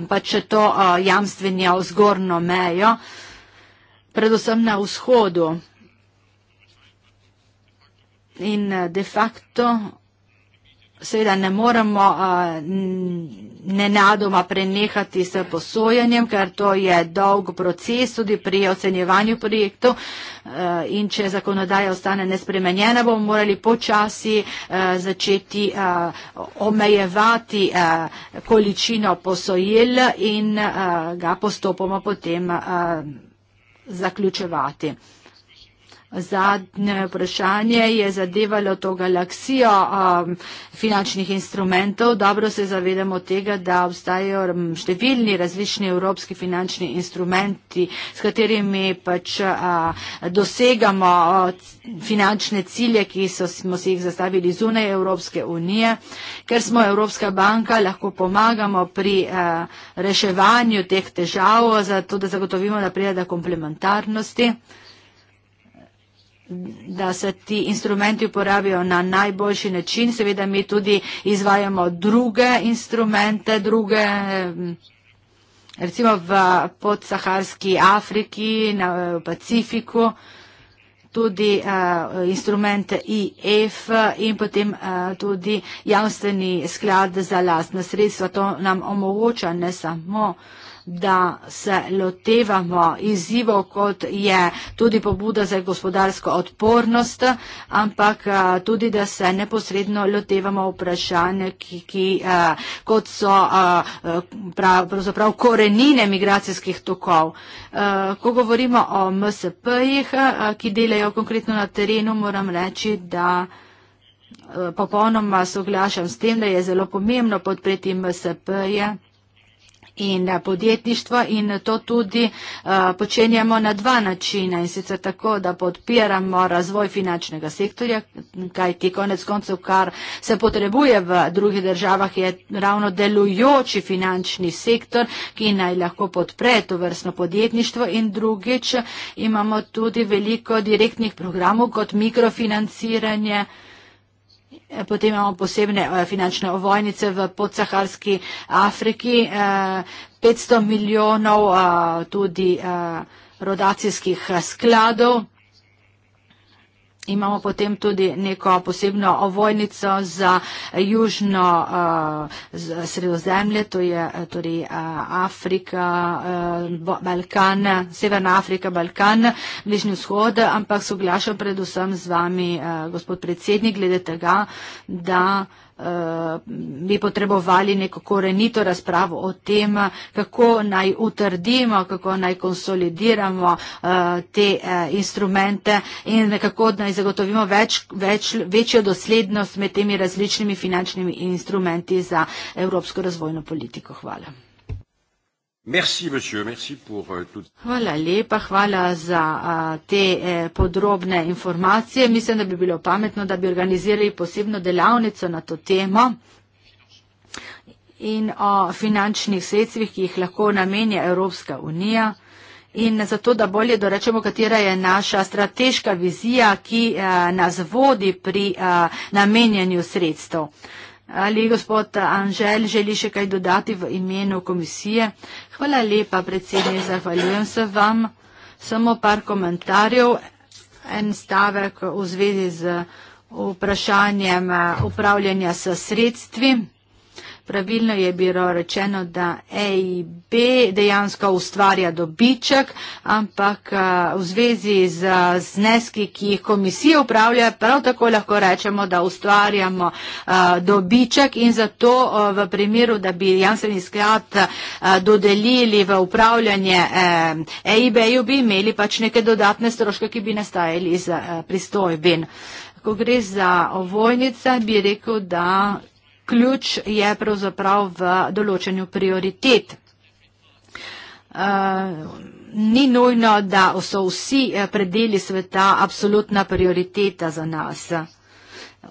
pač to jamstvenje v zgornjo mejo, predvsem na vzhodu. In de facto seveda ne moremo nenadoma prenehati s posojanjem, ker to je dolg proces tudi pri ocenjevanju projektov in če zakonodaja ostane nespremenjena, bomo morali počasi začeti omejevati količino posojil in ga postopoma potem zaključevati. Zadnje vprašanje je zadevalo to galaksijo um, finančnih instrumentov. Dobro se zavedamo tega, da obstajajo um, številni različni evropski finančni instrumenti, s katerimi pač uh, dosegamo uh, finančne cilje, ki so, smo si jih zastavili zunaj Evropske unije. Ker smo Evropska banka, lahko pomagamo pri uh, reševanju teh težav, zato da zagotovimo napredek komplementarnosti da se ti instrumenti uporabijo na najboljši način. Seveda mi tudi izvajamo druge instrumente, druge. Recimo v podsaharski Afriki, na Pacifiku, tudi uh, eh, instrument IF e in potem uh, tudi javstveni sklad za lastna sredstva. To nam omogoča ne samo uh, da se lotevamo izzivov, kot je tudi pobuda za gospodarsko odpornost, ampak eh, tudi, da se neposredno lotevamo vprašanj, ki, ki eh, kot so eh, prav, korenine migracijskih tokov. Ko govorimo o MSP-jih, ki delajo konkretno na terenu, moram reči, da popolnoma soglašam s tem, da je zelo pomembno podpreti MSP-je. -ja in eh, podjetništva in to tudi eh, počenjamo na dva načina in sicer tako, da podpiramo razvoj finančnega sektorja, kajti konec koncev, kar se potrebuje v drugih državah, je ravno delujoči finančni sektor, ki naj lahko podpre to vrstno podjetništvo in drugič imamo tudi veliko direktnih programov kot mikrofinanciranje. Eh, potem imamo posebne eh, finančne ovojnice v podsaharski Afriki, 500 eh, milijonov tudi rodacijskih skladov. Imamo potem tudi neko posebno ovojnico za južno uh, sredozemlje, to je eh, torej, uh, Afrika, uh, Balkan, Severna Afrika, Balkan, Bližnji vzhod, ampak soglašam predvsem z vami, uh, gospod predsednik, glede tega, da uh, Eh, bi potrebovali neko korenito razpravo o tem, kako naj utrdimo, kako naj konsolidiramo eh, te eh, instrumente in kako naj zagotovimo več, več, večjo doslednost med temi različnimi finančnimi instrumenti za evropsko razvojno politiko. Hvala. Merci, monsieur. Merci pour, uh, tout... Hvala lepa, hvala za uh, te eh, podrobne informacije. Mislim, da bi bilo pametno, da bi organizirali posebno delavnico na to temo in o finančnih sredstvih, ki jih lahko namenja Evropska unija. In zato, da bolje dorečemo, katera je naša strateška vizija, ki uh, nas vodi pri uh, namenjanju sredstev. Uh, Ali gospod Anžel želi še kaj dodati v imenu komisije? Hvala lepa, predsednik, zahvaljujem se vam. Samo par komentarjev, en stavek v zvezi z vprašanjem eh, upravljanja s sredstvi pravilno je bilo rečeno, da EIB dejansko ustvarja dobiček, ampak v zvezi z zneski, ki jih komisija upravlja, prav tako lahko rečemo, da ustvarjamo dobiček in zato v primeru, da bi Janssen sklad dodelili v upravljanje EIB-ju, bi imeli pač neke dodatne stroške, ki bi nastajali iz pristojbin. Ko gre za ovojnice, bi rekel, da ključ je pravzaprav v določenju prioritet. Eh, ni nujno, da so vsi eh, predeli sveta absolutna prioriteta za nas.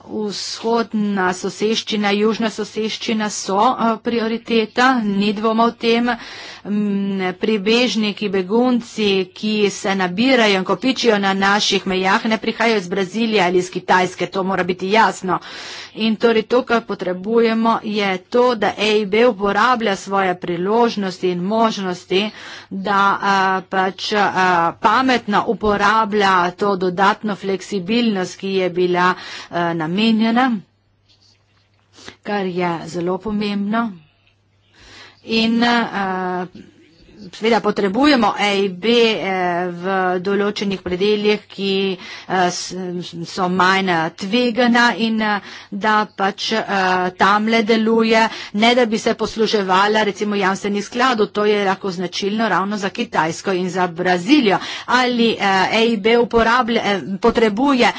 Vzhodna soseščina, južna soseščina so eh, prioriteta, ni dvoma v tem. Pribežniki, begunci, ki se nabirajo in kopičijo na naših mejah, ne prihajajo iz Brazilije ali iz Kitajske, to mora biti jasno. In torej to, kar potrebujemo, je to, da EIB uporablja svoje priložnosti in možnosti, da uh, pač uh, pametno uporablja to dodatno fleksibilnost, ki je bila uh, namenjena, kar je zelo pomembno. In uh, seveda potrebujemo AIB eh, v določenih predeljih, ki eh, so manj eh, tvegana in da pač tamle deluje, ne da bi se posluževala recimo jamstveni skladu, to je lahko značilno ravno za Kitajsko in za Brazilijo. Ali AIB potrebuje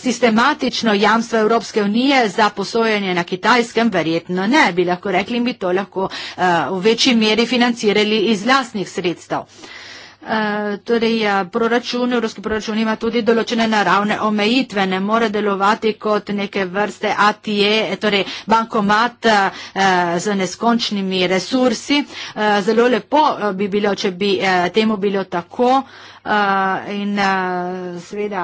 sistematično jamstvo Evropske unije za posojanje na Kitajskem, verjetno ne, bi lahko rekli, bi to lahko v večji meri financirali iz lastnih sredstev. Uh, torej, eh, proračun, evropski proračun ima tudi določene naravne omejitve, ne more delovati kot neke vrste ATE, torej bankomat uh, z neskončnimi resursi. Uh, zelo lepo bi bilo, če bi uh, temu bilo tako. Uh, in uh, seveda,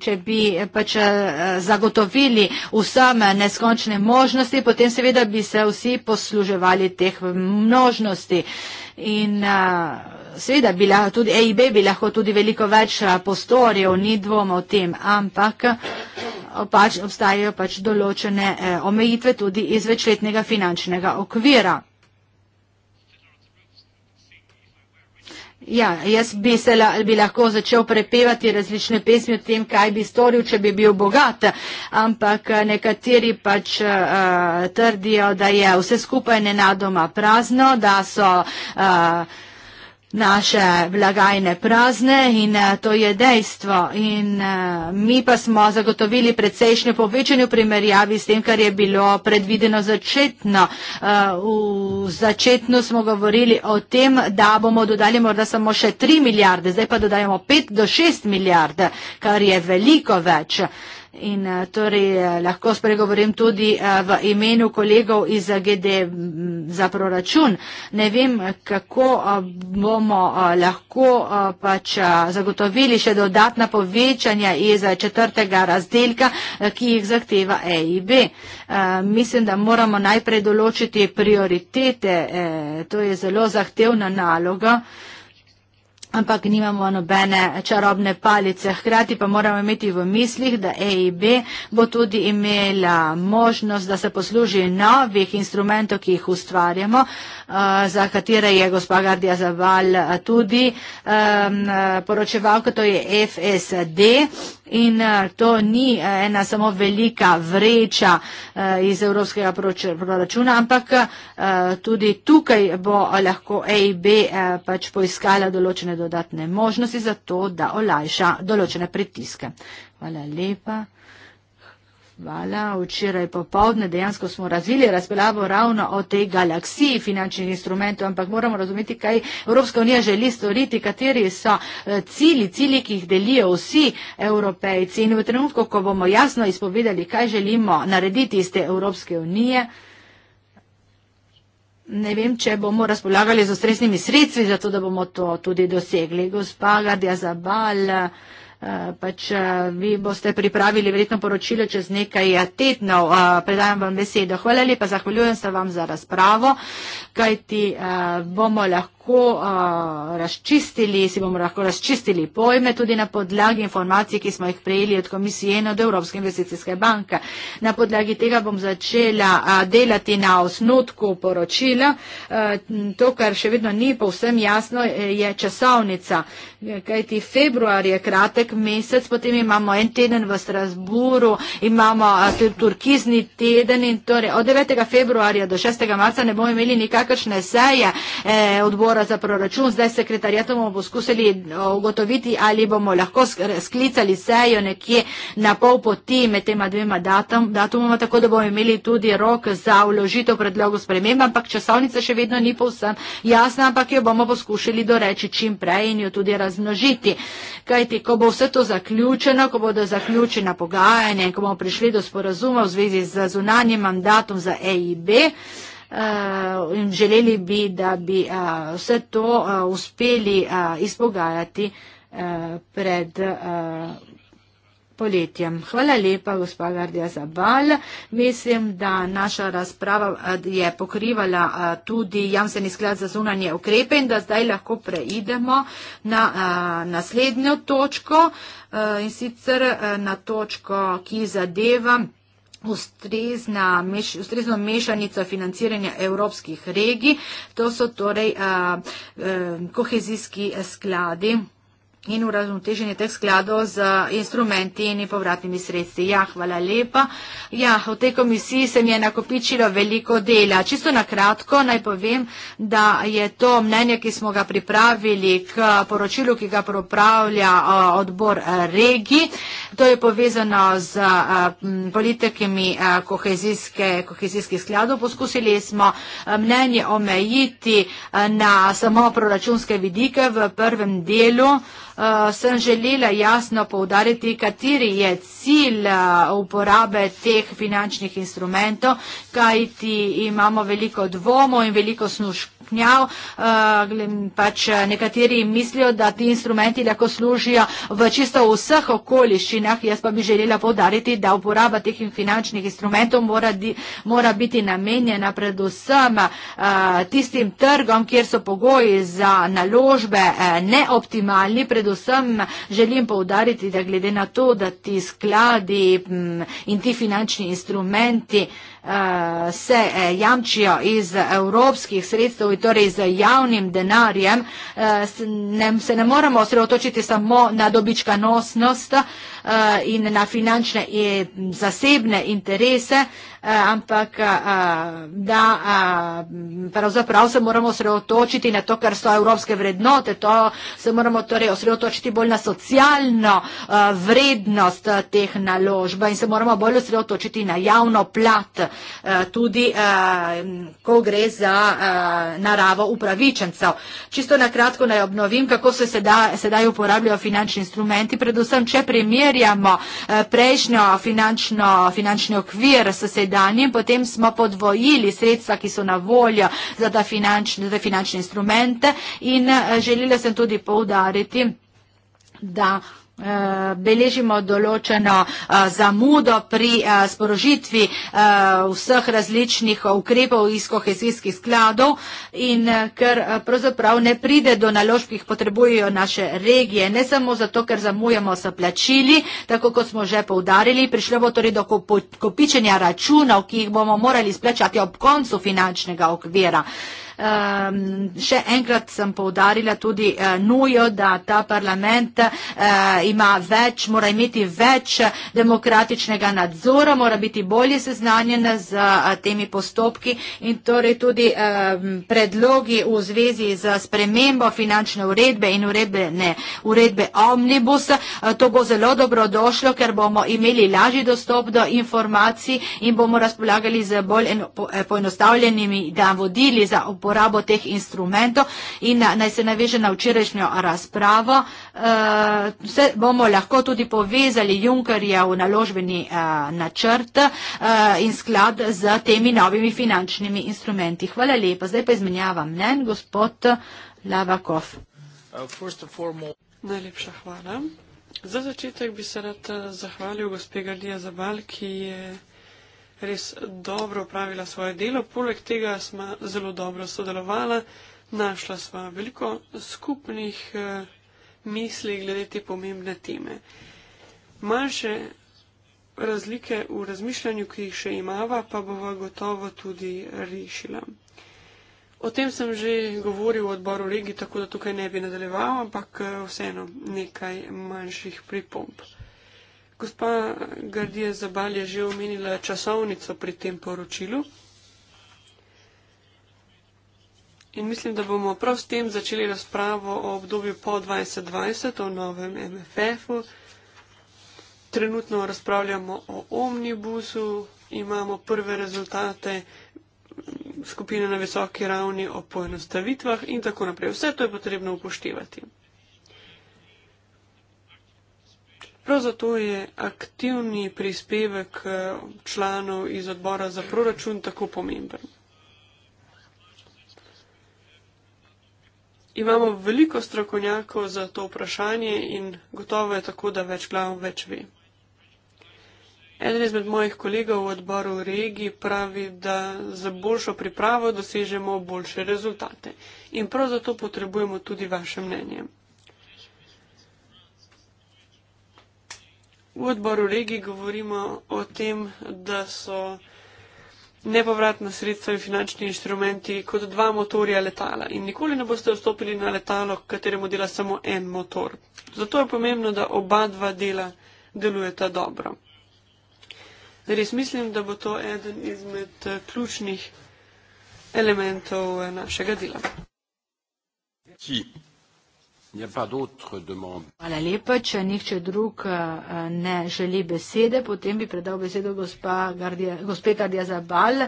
če bi pač uh, zagotovili vsem neskončne možnosti, potem seveda bi se vsi posluževali teh možnosti. Uh, In uh, seveda bi lahko tudi EIB bi lahko tudi veliko več postorjev, ni dvoma o tem, ampak pač obstajajo pač določene eh, omejitve tudi iz večletnega finančnega okvira. Ja, jaz bi, se, bi lahko začel prepevati različne pesmi o tem, kaj bi storil, če bi bil bogat, ampak eh, nekateri pač uh, trdijo, da je vse skupaj nenadoma prazno, da so. Uh, naše vlagajne prazne in eh, to je dejstvo. In eh, mi pa smo zagotovili precejšnjo povečanje v primerjavi s tem, kar je bilo predvideno začetno. Eh, v začetno smo govorili o tem, da bomo dodali morda samo še 3 milijarde, zdaj pa dodajemo 5 do 6 milijarde, kar je veliko več. In eh, torej eh, lahko spregovorim tudi eh, v imenu kolegov iz GD za proračun. Ne vem, kako bomo lahko pač zagotovili še dodatna povečanja iz četrtega razdelka, ki jih zahteva EIB. Mislim, da moramo najprej določiti prioritete. To je zelo zahtevna naloga ampak nimamo nobene čarobne palice. Hkrati pa moramo imeti v mislih, da EIB bo tudi imela možnost, da se posluži novih instrumentov, ki jih ustvarjamo, eh, za katere je gospa Gardija Zaval eh, tudi eh, poročevalka, to je FSD in eh, to ni eh, ena samo velika vreča eh, iz evropskega proračuna, ampak tudi tukaj bo lahko EIB pač poiskala določene dodatne možnosti za to, da olajša določene pritiske. Hvala lepa. Hvala. Včeraj popovdne dejansko smo razvili razpravo ravno o tej galaksiji finančnih instrumentov, ampak moramo razumeti, kaj Evropska unija želi storiti, kateri so eh, cili, cili, ki jih delijo vsi evropejci. In v trenutku, ko bomo jasno izpovedali, kaj želimo narediti iz te Evropske unije, ne vem, če bomo razpolagali z ustresnimi sredstvi, zato da bomo to tudi dosegli. Gospa Gardia Zabal. Eh, pač eh, vi boste pripravili verjetno poročilo čez nekaj eh, tednov. Predajam vam besedo. Hvala lepa, zahvaljujem se vam za razpravo, kajti bomo lahko lahko uh, razčistili, si bomo lahko razčistili pojme tudi na podlagi informacij, ki smo jih prejeli od komisije in od Evropske investicijske banke. Na podlagi tega bom začela uh, delati na osnutku poročila. Uh, to, kar še vedno ni povsem jasno, je časovnica. Kajti februar je kratek mesec, potem imamo en teden v Strasburu, imamo uh, turkizni teden in torej od 9. februarja do 6. marca ne bomo imeli nikakršne seje eh, odbora odbora za proračun, zdaj s sekretarjatom bomo poskusili eh, ugotoviti, ali bomo lahko sklicali sejo nekje na pol poti med tema dvema datum, datumoma, tako da bomo imeli tudi rok za vložitev predlogu sprememba, ampak časovnica še vedno ni povsem jasna, ampak jo bomo poskušali doreči čim prej in jo tudi razmnožiti. Kajti, ko bo vse to zaključeno, ko bodo zaključena pogajanja in ko bomo prišli do sporazuma v zvezi z zunanjem mandatom za EIB, Eh, želeli bi, da bi eh, vse to eh, uspeli izpogajati pred poletjem. Hvala lepa, gospa Gardija Zabal. Mislim, da naša razprava je pokrivala tudi jamseni sklad za zunanje ukrepe in da zdaj lahko preidemo na naslednjo točko in sicer na točko, ki zadeva ustrezna, meš, ustrezno mešanico financiranja evropskih regij, to so torej a, a, kohezijski skladi in uravnoteženje teh skladov z instrumenti in povratnimi sredstvi. Ja, hvala lepa. Ja, v tej komisiji se mi je nakopičilo veliko dela. Čisto na kratko naj povem, da je to mnenje, ki smo ga pripravili k poročilu, ki ga propravlja e, odbor e, regi. To je povezano z e, politikami kohezijskih skladov. Poskusili smo mnenje omejiti na samo proračunske vidike v prvem delu Eh, sem želela jasno povdariti, kateri je cilj eh, uporabe teh finančnih instrumentov, kajti imamo veliko dvomo in veliko snušnjav. Eh, pač nekateri mislijo, da ti instrumenti lahko služijo v čisto vseh okoliščinah. Jaz pa bi želela povdariti, da uporaba teh finančnih instrumentov mora, di, mora biti namenjena predvsem tistim trgom, kjer so pogoji za naložbe neoptimalni. Predvsem predvsem želim povdariti, da glede na to, da ti skladi mm, in ti finančni instrumenti Eh, se eh, jamčijo iz evropskih sredstev, torej z javnim denarjem, eh, se ne moramo osredotočiti samo na dobičkanosnost in na finančne in zasebne interese, ampak da pravzaprav se moramo osredotočiti na to, kar so evropske vrednote, to se moramo torej osredotočiti bolj na socialno vrednost teh naložba in se moramo bolj osredotočiti na javno plat. Eh, tudi eh, ko gre za eh, naravo upravičencev. Čisto na kratko naj obnovim, kako se sedaj uporabljajo finančni instrumenti, predvsem če primerjamo prejšnjo finančno, finančni okvir s sedanjem, potem smo podvojili sredstva, ki so na voljo za ta finančni, za finančni instrument in želela sem tudi poudariti, da Eh, beležimo določeno eh, zamudo pri eh, sporožitvi vseh različnih ukrepov iz kohezijskih skladov in ker pravzaprav ne pride do naložb, ki jih potrebujejo naše regije, ne samo zato, ker zamujamo s plačili, tako kot smo že povdarili, prišlo bo torej do kopičenja računov, ki jih bomo morali splačati ob koncu finančnega okvira um, še enkrat sem povdarila tudi uh, nujo, da ta parlament uh, ima več, mora imeti več demokratičnega nadzora, mora biti bolje seznanjen z uh, temi postopki in torej tudi uh, predlogi v zvezi z spremembo finančne uredbe in uredbe, ne, uredbe omnibus. Uh, to bo zelo dobro došlo, ker bomo imeli lažji dostop do informacij in bomo razpolagali z bolj eno, po, poenostavljenimi navodili za uporabo uporabo teh instrumentov in naj se naveže na včerajšnjo razpravo. Eh, vse bomo lahko tudi povezali Junkerjev naložbeni eh, načrt eh, in sklad z temi novimi finančnimi instrumenti. Hvala lepa. Zdaj pa izmenjava mnen, gospod Lavakov. Uh, Najlepša hvala. Za začetek bi se rad zahvalil gospe Gardija Zabal, ki je res dobro upravila svoje delo. Poleg tega sva zelo dobro sodelovala, našla sva veliko skupnih eh, misli glede te pomembne teme. Manjše razlike v razmišljanju, ki jih še imava, pa bova gotovo tudi rešila. O tem sem že govoril v odboru regi, tako da tukaj ne bi nadaljeval, ampak eh, vseeno nekaj manjših pripomp. Gospa Gardija Zabal je že omenila časovnico pri tem poročilu. In mislim, da bomo prav s tem začeli razpravo o obdobju po 2020, o novem MFF-u. Trenutno razpravljamo o omnibusu, imamo prve rezultate skupine na visoki ravni o poenostavitvah in tako naprej. Vse to je potrebno upoštevati. Prav zato je aktivni prispevek eh, članov iz odbora za proračun tako pomemben. Imamo veliko strokovnjakov za to vprašanje in gotovo je tako, da več glav več ve. Eden izmed mojih kolegov v odboru regi pravi, da za boljšo pripravo dosežemo boljše rezultate. In prav zato potrebujemo tudi vaše mnenje. V odboru regij govorimo o tem, da so nepovratna sredstva in finančni inštrumenti kot dva motorja letala in nikoli ne boste vstopili na letalo, kateremu dela samo en motor. Zato je pomembno, da oba dva dela delujeta dobro. Res mislim, da bo to eden izmed eh, ključnih elementov eh, našega dela. Hvala lepa. Če nihče drug eh, ne želi besede, potem bi predal besedo gospe Gardija Zabal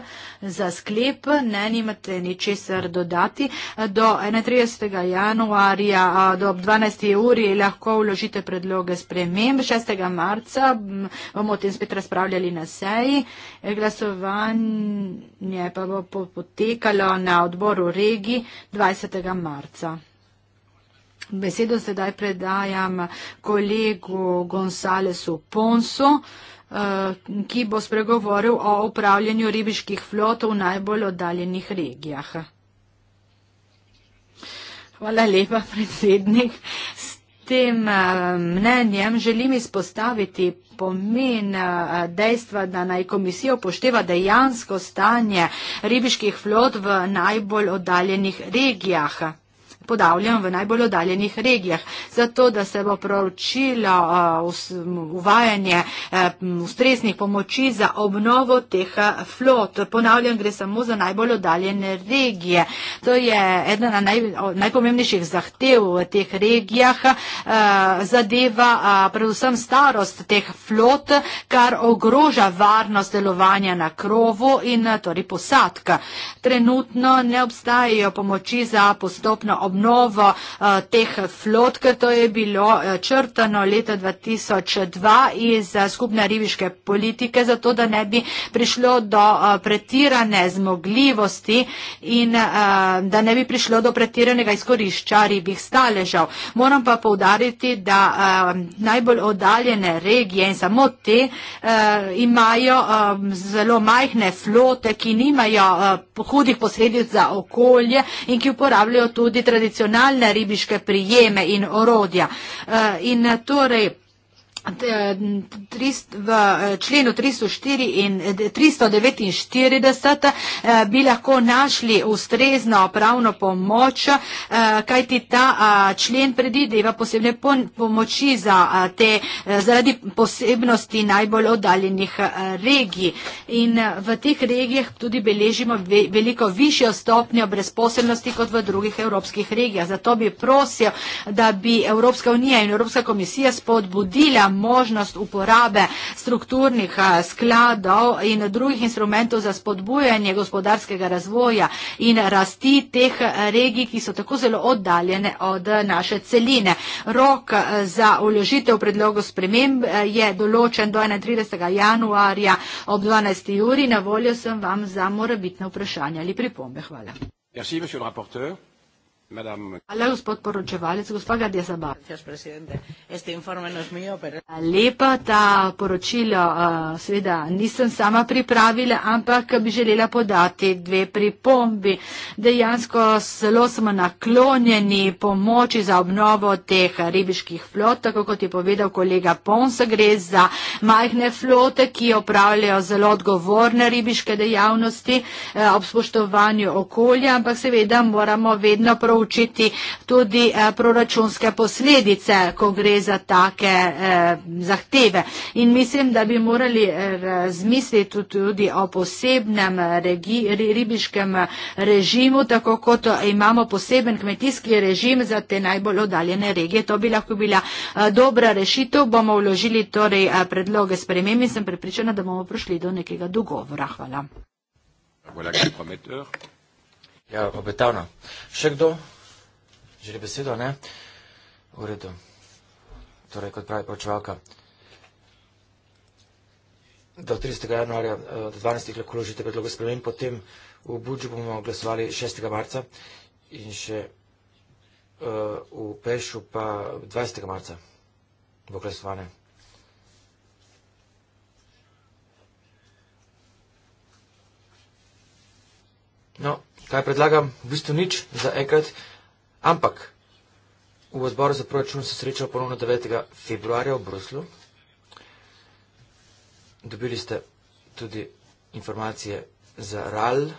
za sklep. Ne, nimate ničesar dodati. Do 31. januarja, do 12. uri lahko vložite predloge sprememb. 6. marca bomo o tem spet razpravljali na seji. Glasovanje pa bo potekalo na odboru regi 20. marca. Besedo sedaj predajam kolegu Gonzalesu Ponso, eh, ki bo spregovoril o upravljanju ribiških flot v najbolj oddaljenih regijah. Hvala lepa, predsednik. S tem eh, mnenjem želim izpostaviti pomen eh, dejstva, da naj komisija upošteva dejansko stanje ribiških flot v najbolj oddaljenih regijah podavljam v najbolj oddaljenih regijah. Zato, da se bo proročilo uh, uvajanje uh, ustreznih pomoči za obnovo teh uh, flot. Ponavljam, gre samo za najbolj oddaljene regije. To je ena na naj, najpomembnejših zahtev v teh regijah. Zadeva predvsem starost teh flot, kar ogroža varnost delovanja na krovu in torej posadka. Trenutno ne obstajajo pomoči za postopno obnovo obnovo eh, teh flot, ker to je bilo eh, črtano leta 2002 iz eh, skupne ribiške politike, zato da ne bi prišlo do pretirane zmogljivosti in da ne bi prišlo do pretiranega izkorišča ribih staležev. Moram pa povdariti, da najbolj oddaljene regije in samo te imajo zelo majhne flote, ki nimajo hudih posledic za okolje in ki uporabljajo tudi tradicionalne tradicionalne ribiške prijeme in orodja. Eh, in torej, Eh, v eh, členu 304 in 349 eh, bi lahko našli ustrezno pravno pomoč, kajti ta člen predideva posebne pomoči za te zaradi posebnosti najbolj oddaljenih regij. In v teh regijah tudi beležimo veliko višjo stopnjo brezposelnosti kot v drugih evropskih regijah. Zato bi prosil, da bi Evropska unija in Evropska komisija spodbudila možnost uporabe strukturnih eh, skladov in drugih instrumentov za spodbujanje gospodarskega razvoja in rasti teh eh, regij, ki so tako zelo oddaljene od eh, naše celine. Rok za uložitev predlogu sprememb je določen do 31. januarja ob 12. uri. Na voljo sem vam za morebitne vprašanja ali pripombe. Hvala. Merci, monsieur le rapporteur. Hvala, gospod poročevalec, gospa Gadjezaba. No Hvala lepa, ta poročilo uh, seveda nisem sama pripravila, ampak bi želela podati dve pripombi. Dejansko zelo smo naklonjeni pomoči za obnovo teh ribiških flot, tako kot je povedal kolega Ponsa, gre za majhne flote, ki opravljajo zelo odgovorne ribiške dejavnosti uh, ob spoštovanju okolja, ampak seveda moramo vedno proti proučiti tudi eh, proračunske posledice, ko gre za take eh, zahteve. In mislim, da bi morali eh, razmisliti tudi o posebnem regi, ribiškem režimu, tako kot imamo poseben kmetijski režim za te najbolj oddaljene regije. To bi lahko bila dobra rešitev. Bomo vložili torej predloge sprememb in sem pripričana, da bomo prišli do nekega dogovora. Hvala. Voilà qui est prometteur. Ja, obetavno. Še kdo? Želi besedo, ne? V redu. Torej, kot pravi počevalka, do 30. januarja eh, do 12. lahko ložite predlogo spremen, potem v Budžu bomo glasovali 6. marca in še eh, v Pešu pa 20. marca bo glasovanje. No, kaj predlagam? V bistvu nič za enkrat, ampak v odboru za proračun se srečal ponovno 9. februarja v Bruslu. Dobili ste tudi informacije za RAL.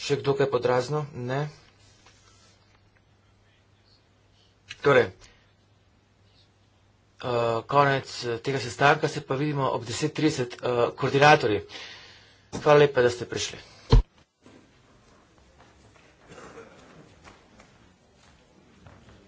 Še kdo kaj podrazno? Ne. Torej, Eh, konec eh, tega sestanka, se pa vidimo ob 10.30, eh, koordinatorji. Hvala lepa, da ste prišli.